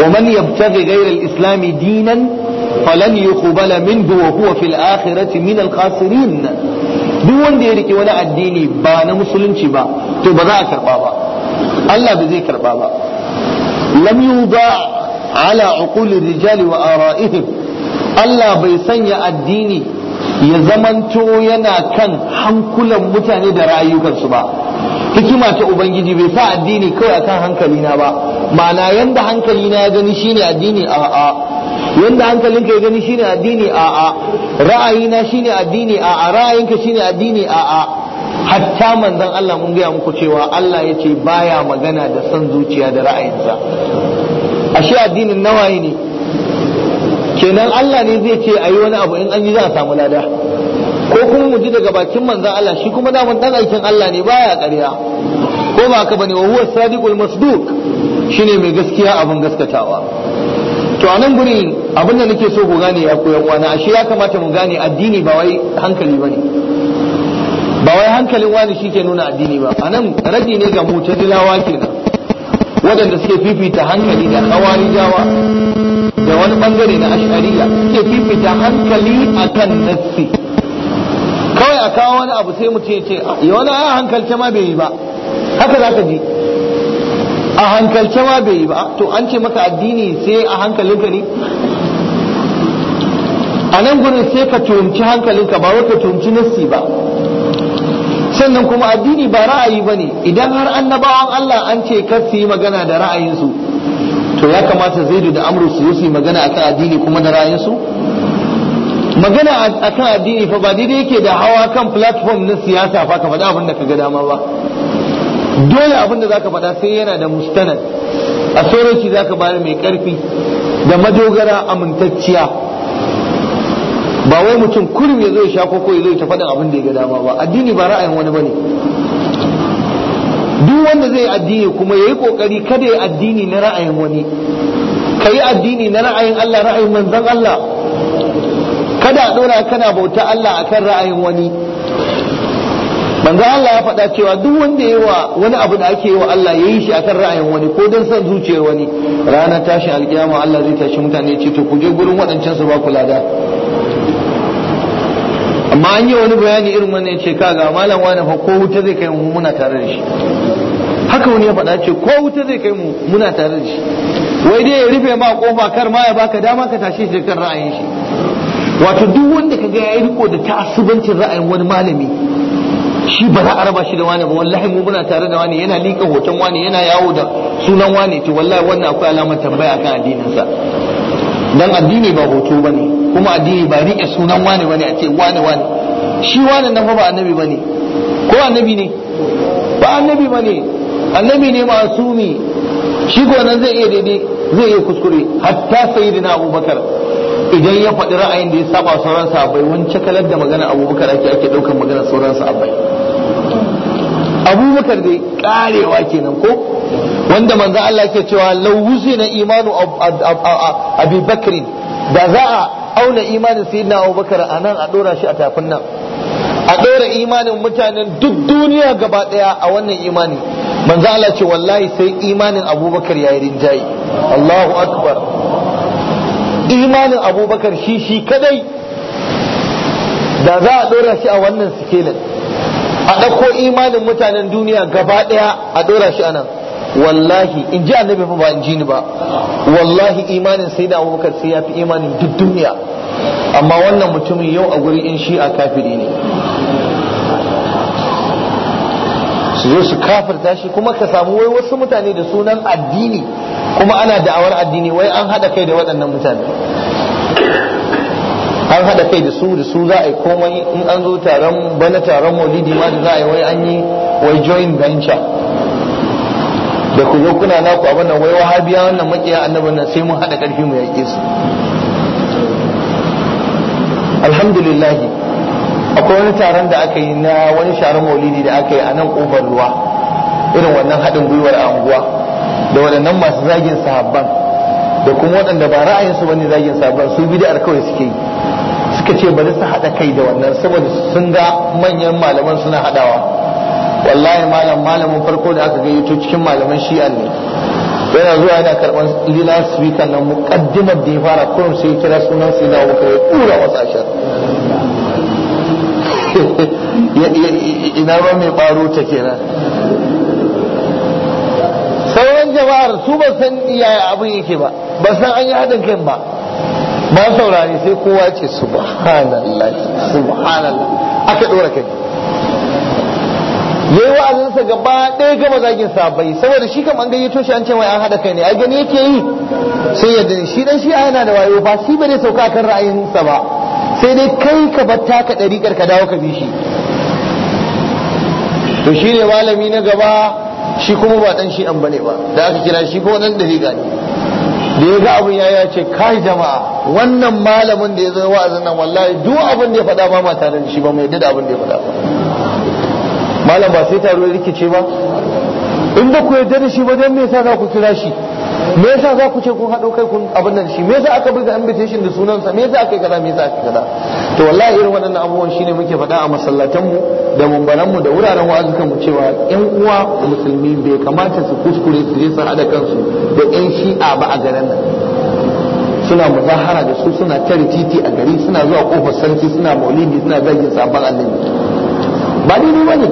wa man yabtaghi ghayra al-islam dinan falan yuqbala minhu wa huwa fil akhirati min al-khasirin duk wanda ya rike wani addini ba na musulunci ba to ba za a karba ba Allah ba zai karba ba lam yuda ala uquli rijali wa ara'ihim Allah bai sanya addini ya zamanto yana kan hankulan mutane da rayukansu ba hikima ta ubangiji bai sa addini kawai akan hankali na ba ma'ana yanda na ya gani shine addini a a yanda hankalinka ya gani shine addini a a ra'ayina shine addini a a ra'ayinka shine addini a a hatta manzon Allah mun gaya muku cewa Allah yace baya magana da son zuciya da ra'ayinsa ashe addinin nawaye ne kenan Allah ne zai ce ayi wani abu in an yi za a samu lada ko kuma mu ji daga bakin manzon Allah shi kuma mun dan aikin Allah ne baya ƙarya ko ba haka bane wa huwa sadiqul masduq shine mai gaskiya abin gaskatawa to a nan guri abin da nake so ku gane ya koyan wani ashe ya kamata mu gane addini ba wai hankali bane ba wai hankalin wani shike nuna addini ba a nan rabi ne ga mutazilawa kenan waɗanda suke fifita hankali da hawari jawa da wani bangare na ash'ariya ke fifita hankali kan nassi kawai a kawo wani abu sai mutum ya ce ya wani a hankalce ma bai yi ba haka za ka ji a hankalce ma bai yi ba to an ce maka addini sai a hankalinka ne a nan gurin sai ka tuhumci hankalinka ba wai ka tuhumci nassi ba sannan kuma addini ba ra'ayi ba ne idan har annabawan Allah an ce kar su yi magana da ra'ayinsu to ya kamata zaidu da amru su yi magana akan addini kuma da ra'ayinsu magana akan addini fa ba daidai yake da hawa kan platform na siyasa fa ka faɗa abin da ka ga dama ba dole abin da zaka faɗa sai yana da mustanad a sauranci zaka bayar mai karfi da madogara amintacciya ba wai mutum kurum ya zo ya sha koko ya zo ya ta faɗin abin da ya ga dama ba addini ba ra'ayin wani ba ne. duk wanda zai addini kuma yayi kokari kada ya addini na ra'ayin wani kai addini na ra'ayin Allah ra'ayin manzon Allah kada a dora kana bauta Allah akan ra'ayin wani manzo Allah ya faɗa cewa duk wanda yayi wa wani abu da ake yi wa Allah ya yi shi akan ra'ayin wani ko dan san zuciyar wani ranar tashin alkiyama Allah zai tashi mutane ce to kuje gurin waɗancan su ba ku lada amma an yi wani bayani irin wannan ce kaga malam wani fa ko wuta zai kai mu muna tare da shi haka wani ya faɗa ce ko wuta zai kai mu muna tare da shi wai dai ya rufe ma kofa kar ma ya baka dama ka tashi shi kan ra'ayin shi wato duk wanda ka ga yayi riko da ta'assubancin ra'ayin wani malami shi ba za a raba shi da wani ba wallahi mu muna tare da wani yana liƙa hoton wani yana yawo da sunan wani to wallahi wannan akwai alamar tambaya akan addininsa dan addini ba hoto bane kuma addini ba riƙe sunan wani bane a ce wani wani shi wani nan fa ba annabi bane ko annabi ne ba annabi bane annabi ne masumi shi nan zai iya daidai zai iya kuskure hatta sayyidina abubakar idan ya faɗi ra'ayin da ya saba sauran sahabbai wance kalar da magana abubakar ake ake ɗaukar magana sauran sahabbai abubakar dai karewa kenan ko wanda manzo Allah ke cewa lawuzi na imanu abi da za a auna imanin sayyidina abubakar a nan a ɗora shi a tafin nan a ɗora imanin mutanen duk duniya gaba ɗaya a wannan imani manzo Allah ce wallahi sai imanin abubakar ya yi rinjaye Allahu akbar imanin abubakar shi shi kadai da za a dora shi a wannan sikelin a ɗauko imanin mutanen duniya gaba ɗaya a dora shi a nan wallahi in ji annabi ba in ji ni ba wallahi imanin sai da abubakar sai ya fi imanin duk duniya amma wannan mutumin yau a guri in shi a kafiri ne su zo su kafirta shi kuma ka samu wai wasu mutane da sunan addini kuma ana da'awar addini wai an haɗa kai da waɗannan mutane an haɗa kai da su da su za a yi komai in an zo taron bana taron maulidi ma da za a yi wai an yi wai join venture da ku zo kuna naku abin nan wai wahabiya wannan makiya annabin nan sai mun haɗa karfi mu yaƙe su alhamdulillah akwai wani taron da aka yi na wani sharon maulidi da aka yi a nan kofar ruwa irin wannan haɗin gwiwar anguwa da waɗannan masu zagin sahabban da kuma waɗanda ba ra'ayinsu bane zagin sahabban su bid'ar kawai suke yi suka ce bari su haɗa kai da wannan saboda sun ga manyan malaman suna haɗawa wallahi malam malamin farko da aka gayyato cikin malaman shi'a ne yana zuwa yana karɓar lilas speaker nan muƙaddimar da ya fara kurum sai kira sunan sai na wuka ya ɗura wasu ashirin. ina ba mai baro ta kenan sauran jama'ar su ba san iyaye abin yake ba ba san an yi haɗin kai ba ba saurari sai kowa ce subhanallah subhanallah aka ɗora kai yayi wa'azinsa gaba ɗaya gama zagin sabai saboda shi kam an gayyato shi an ce wai an haɗa kai ne a gani yake yi sai yadda shi dan shi yana da wayo ba shi bane sauka kan ra'ayinsa ba sai dai kai ka bar ka ɗariƙar ka dawo ka bi shi to shi ne malami na gaba shi kuma ba ɗan shi an bane ba da aka kira shi ko nan ɗariƙa ne da ya ga abin yaya ce kai jama'a wannan malamin da ya zo wa'azin nan wallahi duk abin da ya faɗa ba ma tare da shi ba mai yadda da abin da ya faɗa ba malam ba sai taro ya rikice ba in ba ku yarda da shi ba don me yasa za ku kira shi me yasa za ku ce kun haɗo kai kun abin nan shi me yasa aka buga invitation da sunansa me yasa aka yi kaza me yasa aka kaza to wallahi irin waɗannan abubuwan shine muke faɗa a masallatan mu da mumbaran mu da wuraren wa'azukan mu cewa ƴan uwa musulmi bai kamata su kuskure su je su haɗa kansu da ƴan shi'a ba a garin nan suna muzahara da su suna tare titi a gari suna zuwa kofar sarki suna maulidi suna zagin sabon annabi ba daidai bane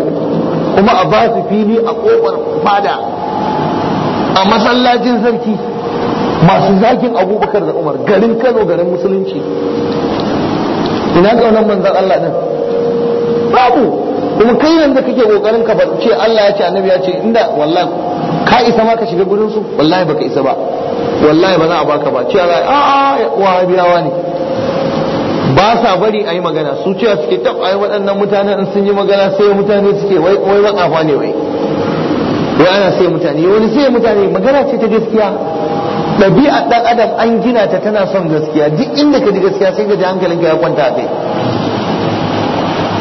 kuma a ba su fili a kofar fada a masallacin sarki masu zakin abubakar da umar garin kano garin musulunci ina kaunar manzan Allah din babu kuma kai yanzu kake kokarin ka ce Allah ya ce annabi ya ce inda wallahi ka isa ma ka shiga gurin su wallahi baka isa ba wallahi ba za a baka ba ce a a biyawa ne ba sa bari a yi magana su cewa suke tab yi waɗannan mutanen sun yi magana sai mutane suke wai wai afa ne wai wai ana sai mutane wani sai mutane magana ce ta gaskiya ɗabi'ar ɗan adam an gina ta tana son gaskiya duk inda ka ji gaskiya sai ka ji hankalinka ya kwanta a kai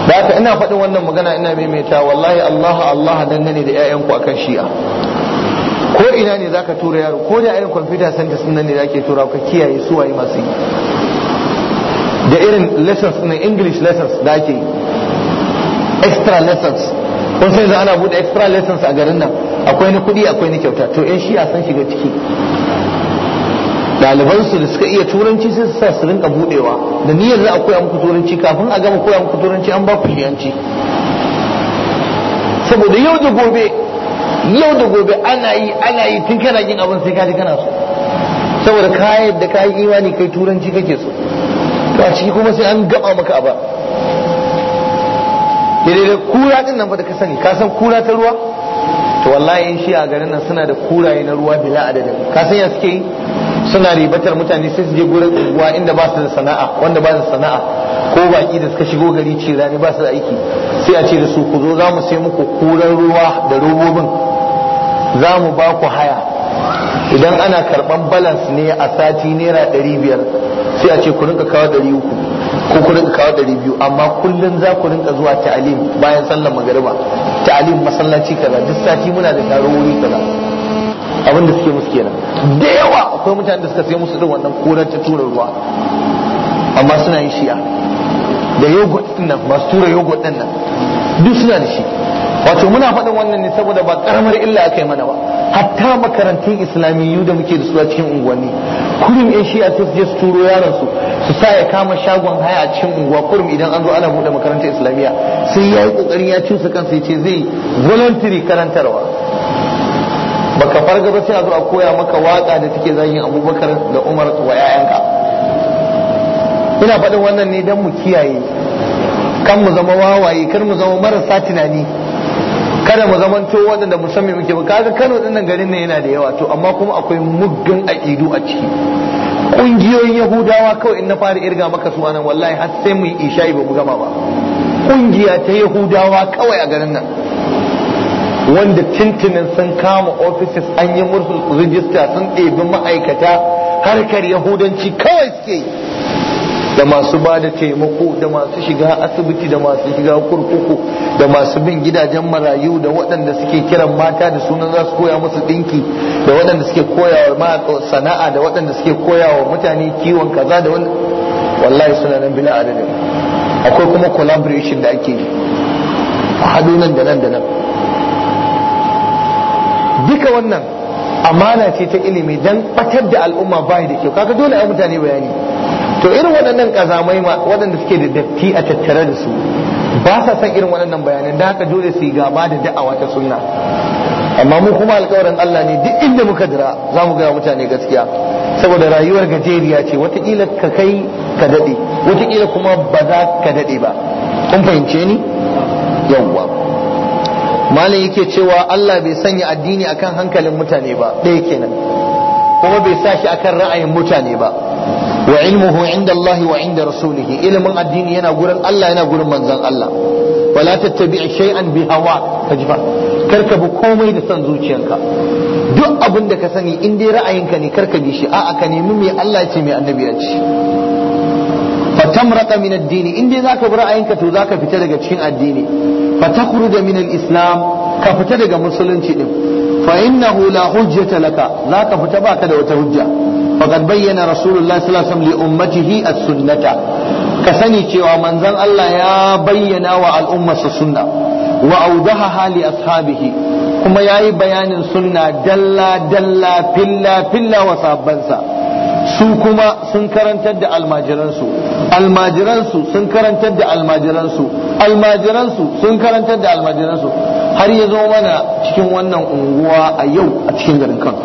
da haka ina faɗin wannan magana ina maimaita wallahi allaha Allah dangane da 'ya'yanku akan shi'a ko ina ne zaka tura yaro ko da irin computer center sun ne zake tura ka kiyaye su waye masu yi da irin lessons na english lessons da ake extra lessons kun sai ana buɗe extra lessons a garin nan akwai na kudi akwai na kyauta to yan shi'a san shiga ciki su da suka iya turanci sai su sa su rinka budewa da niyyar za a koya muku turanci kafin a gama koya muku turanci an ba ku shiyanci saboda yau da gobe yau da gobe ana yi ana yi tun kana yin abin sai kaji kana so saboda kayan da kayan imani kai turanci kake so to a ciki kuma sai an gaba maka a ba kura din nan fa da ka sani ka san kura ta ruwa to wallahi shi a garin nan suna da kuraye na ruwa bila adadin ka san ya suke suna ribatar mutane sai su je gurin unguwa inda ba su da sana'a wanda ba su da sana'a ko baki da suka shigo gari ce rani ba su da aiki sai a ce da su ku zo za mu sai muku kuran ruwa da robobin za mu ba ku haya idan ana karban balance ne a sati naira ɗari biyar sai a ce ku rinka kawo ɗari uku ko ku rinka kawo ɗari biyu amma kullum za ku rinka zuwa ta'alim bayan sallar magariba ta'alim masallaci kaza duk sati muna da taro wuri kaza abin da suke musu kenan da yawa akwai mutane da suka sai musu irin wannan korar ta tura ruwa amma suna yin shi'a da yogurt din nan masu tura yogurt din nan duk suna da shi wato muna faɗin wannan ne saboda ba karamar illa aka yi mana ba hatta makarantun islamiyyu da muke da su a cikin unguwanni kurin yan shi'a sai su je su turo yaransu. su sa ya kama shagon haya a cikin unguwa kurum idan an zo ana buɗe makarantar islamiyya sai ya yi ƙoƙarin ya su kansa ya ce zai voluntary karantarwa baka farga ba sai a zo a koya maka waka da take zagin abubakar da umar wa 'ya'yanka ina faɗin wannan ne don mu kiyaye kan mu zama wawaye kar mu zama marasa tunani kada mu zaman to waɗanda musamman muke ba kaga Kano dinnan garin nan yana da yawa to amma kuma akwai muggan aƙidu a ciki kungiyoyin yahudawa kawai in na fara irga maka su wallahi har sai mu isha'i ba mu gama ba kungiya ta yahudawa kawai a garin nan wanda tintinin sun kama offices an yi murfin rijista sun ɗebi ma'aikata harkar yahudanci kawai suke yi da masu ba da taimako da masu shiga asibiti da masu shiga kurkuku da masu bin gidajen marayu da waɗanda suke kiran mata da sunan za su koya musu ɗinki da waɗanda suke koyawa sana'a da waɗanda suke koyawa mutane kiwon kaza da wani wallahi suna nan bila adadi akwai kuma collaboration da ake yi a haɗu nan da nan da nan duka wannan amana ce ta ilimi don batar da al'umma bai da kyau kaga dole ai mutane bayani to irin waɗannan ƙazamai waɗanda suke da datti a tattare da su ba sa san irin waɗannan bayanan da haka dole su yi gaba da da'awa ta sunna amma mu kuma alƙawarin Allah ne duk inda muka dira za mu gaya mutane gaskiya saboda rayuwar gajeriya ce watakila ka kai ka daɗe watakila kuma ba za ka daɗe ba kun fahimce ni yawwa malam yake cewa Allah bai sanya addini akan hankalin mutane ba ɗaya kenan kuma bai sa shi akan ra'ayin mutane ba wa ilmuhu inda Allah ilimin addini yana gurin Allah yana gurin manzon Allah wala tattabi shay'an bi hawa kajifa karka bi komai da san zuciyarka duk abinda ka sani in dai ra'ayinka ne karka bi a'a ka me Allah ce me annabi ya ce fatamrata min addini in dai zaka bi ra'ayinka to zaka fita daga cikin addini fatakhruja min al-islam ka fita daga musulunci din fa innahu la hujjata laka zaka fita baka da wata hujja faqad bayyana rasulullahi sallallahu alaihi wasallam li ummatihi as-sunnata ka sani cewa manzon Allah ya bayyana wa al'ummarsa sunna wa hahali li ashabihi kuma yayi bayanin sunna dalla dalla filla filla wa sahabbansa su kuma sun karantar da almajiransu almajiransu sun karantar da almajiransu almajiransu sun karantar da almajiransu har ya zo mana cikin wannan unguwa a yau a cikin garin kan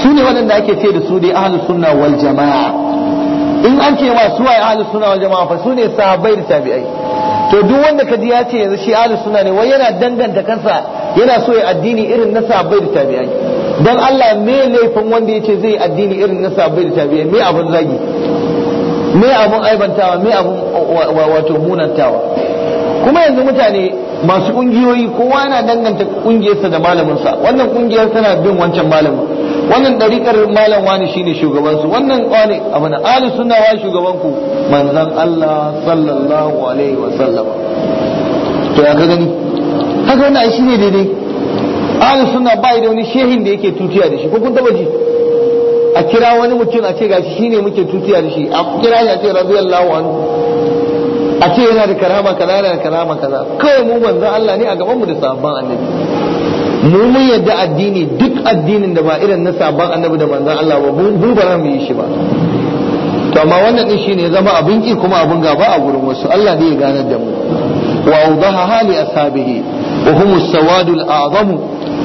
su ne waɗanda ake ce da su dai ahlus sunna wal jama'a in an ce ma su waye ahlus sunna wal jama'a fa su ne sahabbai da tabi'ai to duk wanda kaji ya ce yanzu shi ahlus sunna ne wai yana danganta kansa yana so ya addini irin na sahabbai da tabi'ai dan Allah me laifin wanda yace zai addini irin na sahabbai da tabi'ai me abun zagi me abun aibantawa me abun wato munantawa kuma yanzu mutane masu kungiyoyi kowa yana danganta kungiyarsa da malaminsa wannan kungiyar tana bin wancan malamin wannan dariƙar malam wani shine shugabansu wannan a mana ahli sunna wa shugabanku manzon Allah sallallahu alaihi wa sallam to ya ka gani haka wannan shi ne daidai ahli sunna bai da wani shehin da yake tutiya da shi ko kun taba ji a kira wani mutum a ce gashi shine muke tutiya da shi a kira shi a ce radiyallahu anhu a ce yana da karama kaza yana da karama kaza kawai mu manzon Allah ne a gaban mu da sabon annabi mu mun yadda addini duk addinin da ba irin na sabon annabi da manzon Allah ba mu ba za mu yi shi ba to amma wannan din shine zama abin ki kuma abin gaba a gurin wasu Allah ne ya ganar da mu wa awdaha hali ashabihi wa hum as-sawadul a'zam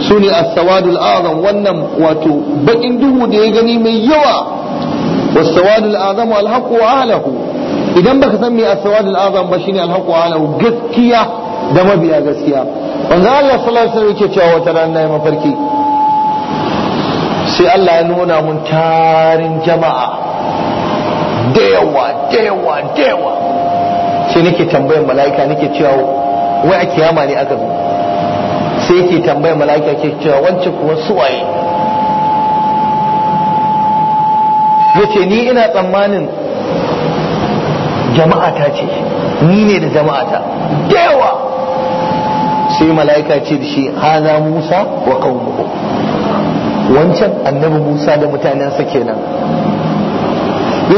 sune as-sawadul a'zam wannan wato bakin duhu da ya gani mai yawa was-sawadul a'zam al-haqqu ahlihi idan baka san me as-sawadul a'zam ba shine al-haqqu ahlihi gaskiya da mabiya gaskiya wanda Allah sallallahu alaihi yake cewa wata rana ya mafarki sai Allah ya nuna mun tarin jama'a dewa dewa dewa sai nake tambayar mala'ika nake cewa wai a kiyama ne aka zo sai yake tambayar mala'ika ke cewa wancan kuwa suwaye yace ni ina tsammanin jama'ata ce ni ne da jama'ata sai mala'ika ce da shi haza musa wa qaumuhu wancan annabi musa da mutanensa kenan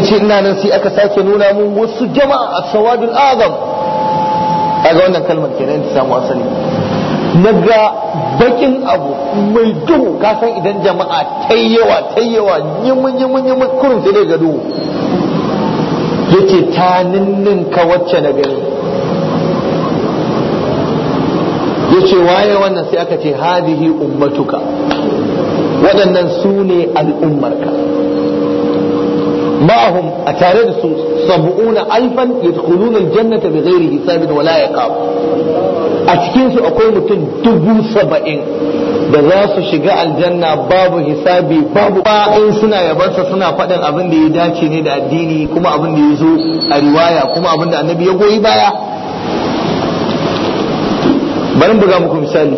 ce ina nan sai aka sake nuna mun wasu jama'a a sawadul azam ga wannan kalmar kenan ta samu asali Na ga bakin abu mai duhu kasan idan jama'a ta yawa ta yawa yimin yimin yimin kurin sai dai ga duhu yace ta ninninka wacce na gani ya ce waye wannan sai aka ce hadihi ummatuka waɗannan su ne al'ummarka ma'ahum a tare da su sab'una alfan yadkhuluna aljannata bighairi hisabin wala yaqab a cikinsu akwai mutum dubu saba'in da za su shiga aljanna babu hisabi babu in suna yabarsa suna faɗin abin da ya dace ne da addini kuma abin da ya zo a riwaya kuma abin da annabi ya goyi baya bari buga muku misali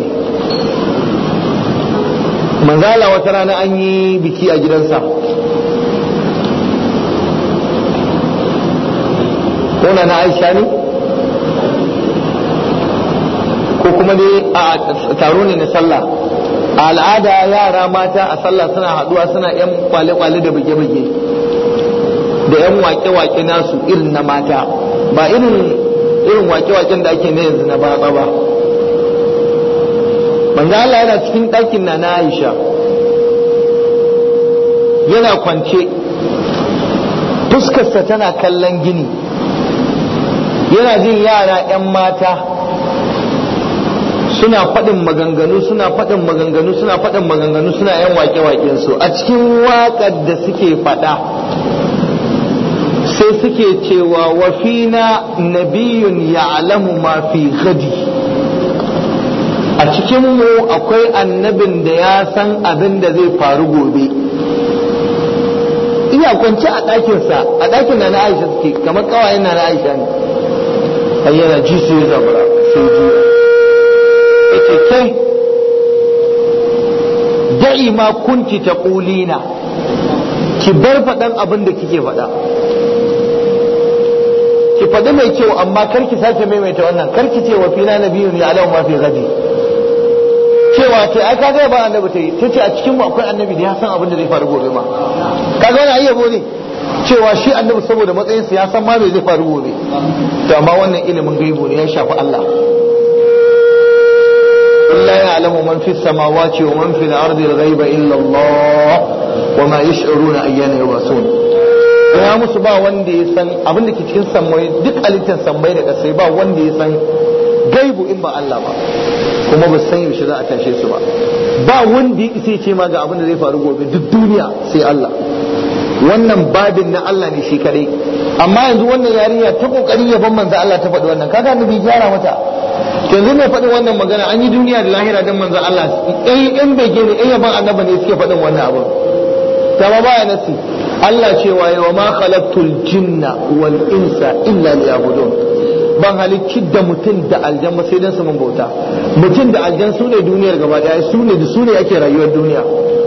manzala wata rana an yi biki a gidansa ko na aisha ne ko kuma dai a taro ne na sallah a al'ada yara mata a sallah suna haduwa suna yan kwale-kwale da buge-buge da yan wake-wake nasu irin na mata ba irin wake-waken da ake na yanzu na -ba, ba manzo Allah yana cikin ɗakin na Aisha yana kwance fuskarsa tana kallon gini yana jin yara 'yan mata suna faɗin maganganu suna faɗin maganganu suna faɗin maganganu suna 'yan wake su a cikin waƙar da suke faɗa sai suke cewa wafina nabiyun ya'lamu ma fi gadi a cikinmu akwai annabin da ya san abin da zai faru gobe ina kwance a ɗakinsa a ɗakin na na aisha suke kamar kawai na na aisha ne an yana ji su ya zabura sai ji ita ce kai da'i ma kunti ta ƙulina ki bar faɗan abin da kike faɗa ki faɗi mai kyau amma kar ki sake maimaita wannan kar ki ce wa fina nabiyun ya alau ma fi gadi cewa ce ai kaga ba annabi ta yi ta ce a cikin mu akwai annabi da ya san abin da zai faru gobe ma kaga wani ayya ne cewa shi annabi saboda matsayin sa ya san ma me zai faru gobe to amma wannan ilimin gaibo ne ya shafi Allah samawati wa man fi al-ardi al الأرض illa Allah wa ma yash'uruna ayyana يبعثون ya musu ba wanda ya san abin da ke cikin sammai duk alitan sammai da kasai ba wanda ya san gaibu in ba Allah ba kuma ba san yaushe za a tashe su ba ba wanda ya sai ce ma ga abin da zai faru gobe duk duniya sai Allah wannan babin na Allah ne shi kadai amma yanzu wannan yarinya ta kokari ya ban manzo Allah ta faɗi wannan kaga annabi gyara mata yanzu mai faɗin wannan magana an yi duniya da lahira don manzo Allah eh in bai gani in yaban annabi ne suke faɗin wannan abin ta ba baya nasi Allah cewa wa ma khalaqtul jinna wal insa illa liya'budun ban halicci da mutum da aljan sai dan su mun bauta mutum da aljan su ne duniyar gaba daya su ne su ne ake rayuwar duniya